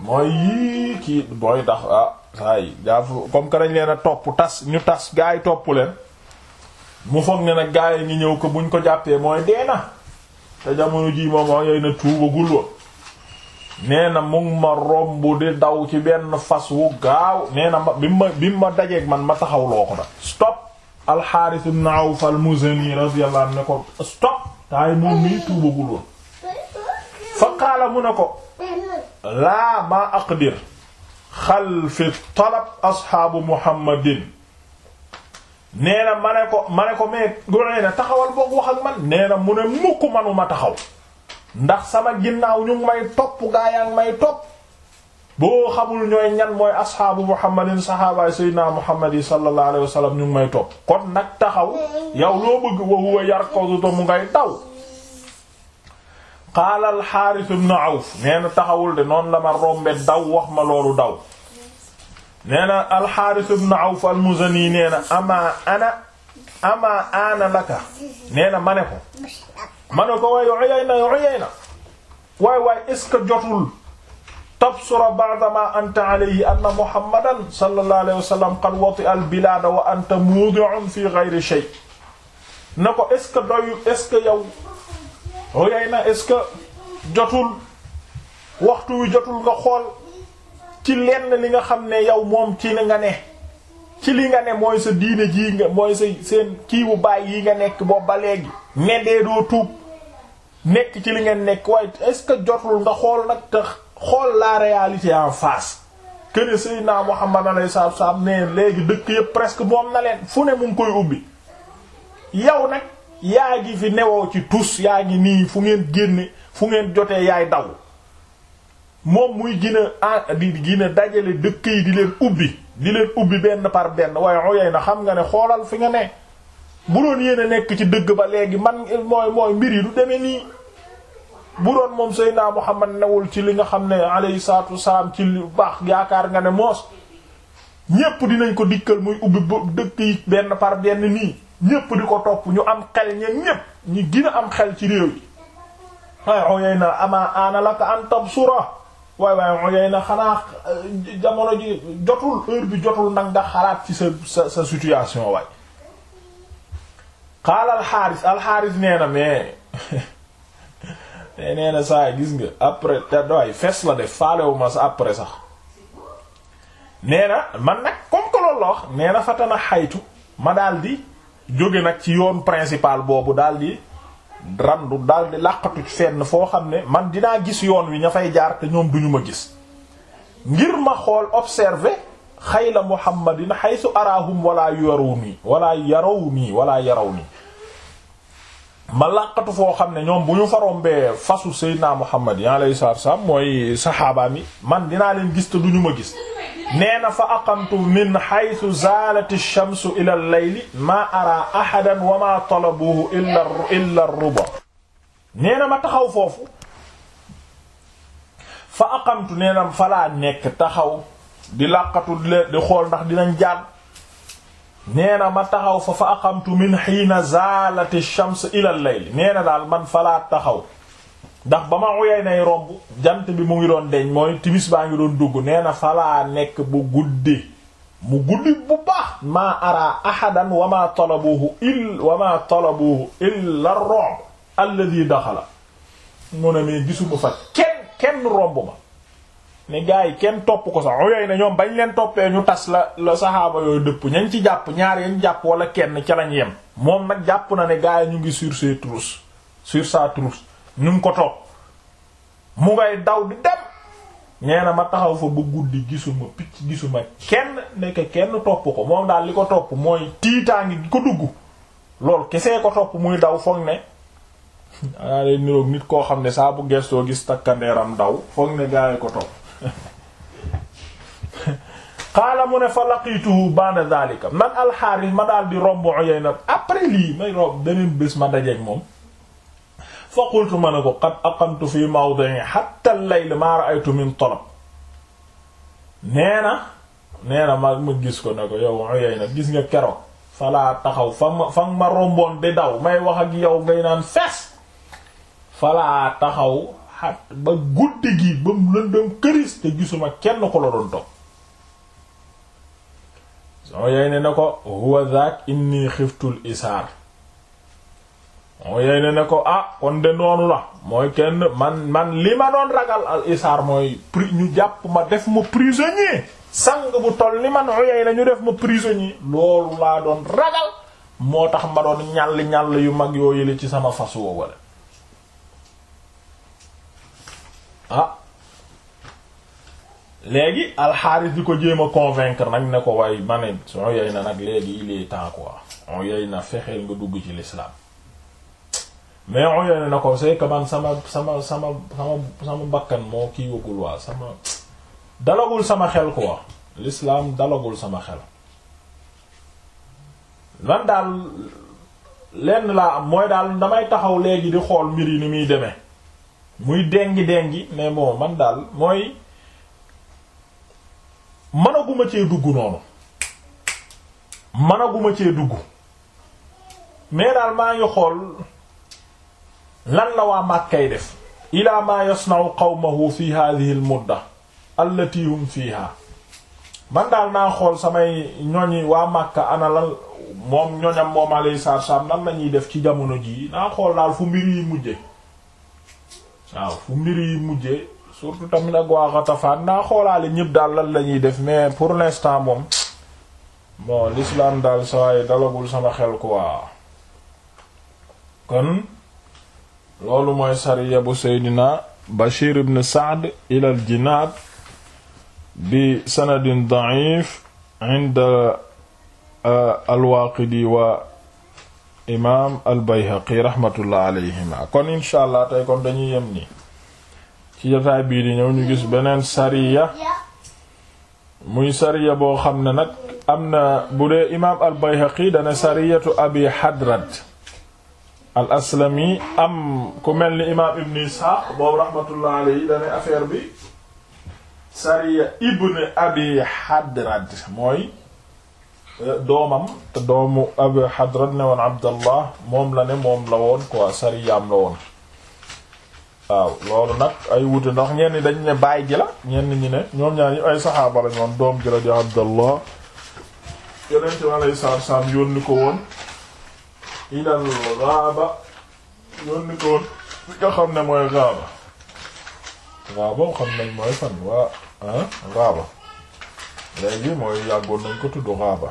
mooy yii kii booy tax ah saa comme que dañ leen a topp tas ñu tas gaa yi topp leen mu foog ne nag gaa yi ngi ñëw ko buñ ko jàppee mooy dee na te jamono jii moom wax yooyu na tuubagul wa nee na mu ma romb di daw ci benn fas wu gaaw nee na ma bi ma ma dajeeg man ma taxaw loo ko nag stop alxaaris ibn Awf al-Muzani ne ko stop taay moom nii tuubagul woon fa qaala mu ne ko laa maa aqdir xalfi talab asxaabu muhammadin nee na ma ne ko ma ne ko mais gone na taxawal boog wax ak man nee na mu ne mukk manuma taxaw ndax sama ginnaaw ñu ngi may topp gaayaang may topp boo xamul ñooy ñan mooy asxaabu muhammadin saxaabaay sayyidina muhammad yi sallallahu alayhi wasallam ñu ngi may topp kon nag taxaw yow loo bëgg wa huwa yarkudu mu ngay daw xaalal al xaaris ibn awf nee na taxawul de noonu la ma rombe daw wax ma loolu daw nee na alxaaris ibn Awf al-Muzani nee na ama ana ama ana laka nee na ma ne ko ma ne ko waaye Uyayna Uyayna waay waay est-ce que jotul tabsura ba'da ma anta alayhi anna Muhammadan sallallahu alayhi wa sallam qad wati'a al-bilaada wa anta mudi'un fi ghayri shay na ko est-ce que doy est-ce que yow Uyayna est-ce que jotul waxtu wi jotul nga xool ci lenn li nga xam ne yow moom ci nga ne ci li nga ne mooy sa diine jii nga mooy sa seen kiiwu baay yi nga nekk boobu ba léegi ne dee doo tuub nekk ci li ngeen nekk waaye est-ce que jotul nga xool nag te xool la réalité en face kene Seydina Muhammad alayhi salaatu wasallam ne léegi dëkk yëpp presque moom na leen fu ne mu ngi koy ubbi yow nag yaa ngi fi newoo ci tus yaa ngi nii fu ngeen génne fu ngeen jotee yaay daw moom muy gën a di gën dajale dëkk yi di leen ubbi di leen ubbi benn par benn waaye oyey na xam nga ne xoolal fi nga ne bu doon yéen a nekk ci dëgg ba léegi man mooy mooy mbir yi du demee nii bu doon moom mu Muhammad newul ci li nga xam ne alayhi salaatu wasalaam ci lu baax yaakaar nga ne moos ñépp dinañ ko dikkal muy ubbi dëkk yi benn par benn nii ñépp di ko topp ñu am xel ñeen ñépp ñu gën am xel ci réew yi waaye oyey na ama aana laka an tabsura waay waay oyey na xanaa euh, jamono ji jotul heure bi jotul nag nga xalaat ci sa sa sa situation waay xaal alxaaris alxaaris nee na mais nee na saa gis nga après te doy fees la def faalewuma sa après sax nee na man nag comme que loolu la wax nee xaytu ma daal di jóge nag ci yoon principal boobu daal di randu daal di làqatu fenn foo xam ne man dinaa gis yoon wi ña fay jaar te ñoom duñu ma gis ngir ma xool observer xayla muhammadin haythu arahum wala yarawni wala yarawni wala yarawni ma làqatu foo xam ne ñoom bu ñu farombee fasu Seydina Muhammad yaa lay mooy saxaabaam man dinaa leen gis te duñu ma gis nee na fa aqamtu min haythu zaalat ash-shamsu ila al-layli ma ara ahadan wa ma talabuhu illa illa ruba nee ma taxaw foofu fa aqamtu nee na nekk taxaw di làqatu di xool ndax dinañ jaar nee ma taxaw fa fa min xiina zaalati shams ila al daal man falaa taxaw ndax ba ma uyay romb jant bi mu ngi doon deñ mooy timis baa ngi doon dugg nee falaa nekk bu guddi mu guddi bu baax maa araa ahadan wa maa talabuhu il wa maa talabuhu illa ar-ru'b alladhi daxala mu ne gisuma fa kenn kenn romb ma ne gars yi kenn topp ko sax yooyu na ñoom bañ leen toppee ñu tas la la saxaaba yooyu dëpp ñañ ci jàpp ñaar yañ jàpp wala kenn ca lañ yem moom nag jàpp na ne gaa yi ñu ngi sur ses trousses sur sa trousse ñu ngi ko topp mu ngay daw di dem nee na ma taxaw fa ba guddi gisuma picc gisuma kenn nekk kenn topp ko moom daal li ko topp mooy tiitaangi gi ko dugg loolu kese ko topp muy daw foog ne daa lay nit koo xam ne saabu bu gestoo gis takkandeeram daw foog ne gars yi qaala mu ne fa laqituhu ba'da dhalika man alxaaris ma daal di romb Uyayna après may romb beneen bés ma dajeeg moom fa qultu ma ne ko qad aqamtu fi mawdi'i hatta al-layl ma ra'aytu min talab nee na ma gis ko ne ko yow Uyayna gis nga keroog fa taxaw fa ma fa ma daw may wax ak yow ngay naan fees fa taxaw xat ba guddi gi ba mu lëndëm këris te gisuma kenn ko la doon topp sama yaay ne na ko huwa zaak inni xiftul isaar moo yey ne ne ko ah kon de noonu la mooy kenn man man li ma doon ragal al isaar mooy pri ñu jàpp ma def ma prisonnier sang bu toll li man oyey na ñu def ma prisonnier loolu laa doon ragal moo tax ma doon ñàll ñàll yu mag yoo yële ci sama fas woo wala ah léegi alxaaris di ko jéem a convaincre nag ne ko way manet on yoy na nag léegi il est temps quoi on yoy na fexeel nga dugg ci l'islam mais on na na ko c'est que sama sama sama sama bakkan moo kii waa sama dalagul sama xel quoi l'islam dalagul sama xel lan daal lenn laa am mooy daal damay taxaw léegi di xool mbir yi ni muy demee muy dengi déngi mais bon man daal mooy managuma cee dugg noonu managuma cee dugg mais daal maa ngi xool lan la waa màkkay def ila ma yasna'u qawmahu fi hadhihi al mudda allati hum fiha man daal naa xool samay ñoñi waa màkka ana lan moom ñoñam moom alayhi salaam nan la ñuy def ci jamono jii naa xool daal fu mbir yi mujje waaw fu mbir yi mujjee surtout tamit ak waa Ghatafan naa xoolaale ñëpp daal lan def mais pour l'instant moom bon l'islam daal sawaay dalagul sama xel quoi kon loolu mooy sariya bu Seydina Bashir ibn Sa'd ila al jinaab bi sanadin da'if inda euh, al-Waaqidi wa imaam al-Bayhaqi rahmatullah kon incha allah tey kon dañuy yem ni ci jotaay bii di ñëw ñu gis beneen sariya muy sariya boo xam ne nag am na bu dee imaam al-Bayhaqi dana sariyatu abi Hadrad al aslami am ku mel ni imaam Ibn Ishaq boobu rahmatullah alayhi dana affaire bi sariya ibn abi Hadrad mooy. doomam te doomu Abu Hadrad ne woon Abdallah moom la ne moom la woon quoi sariyaam la woon waaw loolu nag ay wute ndax ñenn dañ ne baay jila la ñenn ñi ne ñoom ñaar ñi ay saxaaba lañ woon doom ji la di Abdallah yonent bi alayhi salaatu salaam yónni ko woon ilal gaaba yónni ko woon fi nga xam ne mooy gaaba gaaba xam nañ mooy fan wa ah gaaba léegi mooy yàggoon nañ ko tudd gaaba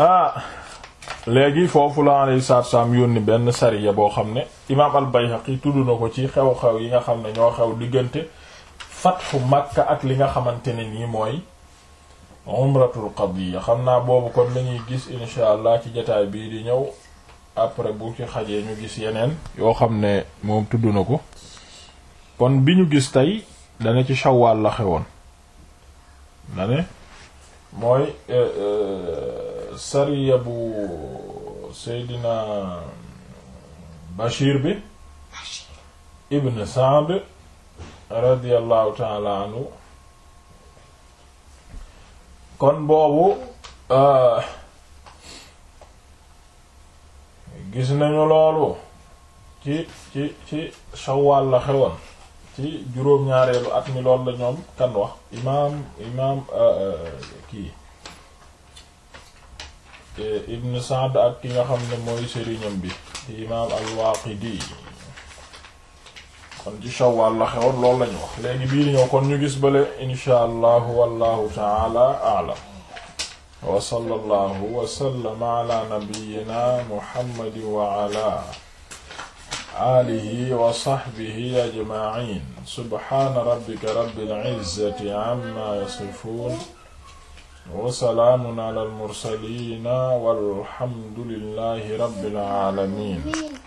ah léegi foofu la alayhi salaatu salaam yónni benn sariya boo xam ne imaam al-Bayhaqi tudd na ko ci xew-xew yi nga xam ne ñoo xew diggante fu Makka ak li nga xamante ne ñi mooy umratul qadiya xam naa boobu kon lañuy gis insha allah ci jotaay bii di ñëw après bu ci xajee ñu gis yeneen yoo xam ne moom tudd na ko kon bi ñu gis tey dana ci Shawwal la xewoon na mooy euh, euh, sariya bu Seydina Bachir bi Ibn Sa'd radiyallahu taala kon boobu ah, gis nañu loolu ci ci ci Shawwal la xewoon ci juróom-ñaareelu at mi loolu la kan wax imaam imaam ah, ah, kii ibn Sa'd ak ki nga xam ne mooy sëriñam bi imaam al-Waaqidi kon ci Shawwal la xewoon loolu lañu wax léegi bii di ñëw kon ñu gis bale insha allah wallahu ta'ala a'lam wa sallallahu wa sallama ala nabiyyina muhammadin wa ala alihi wa sahbihi ajma'in subhana rabbika rabbil izzati amma yasifun wa salaamun ala al mursaliina walhamdulillahi rabbil aalamiin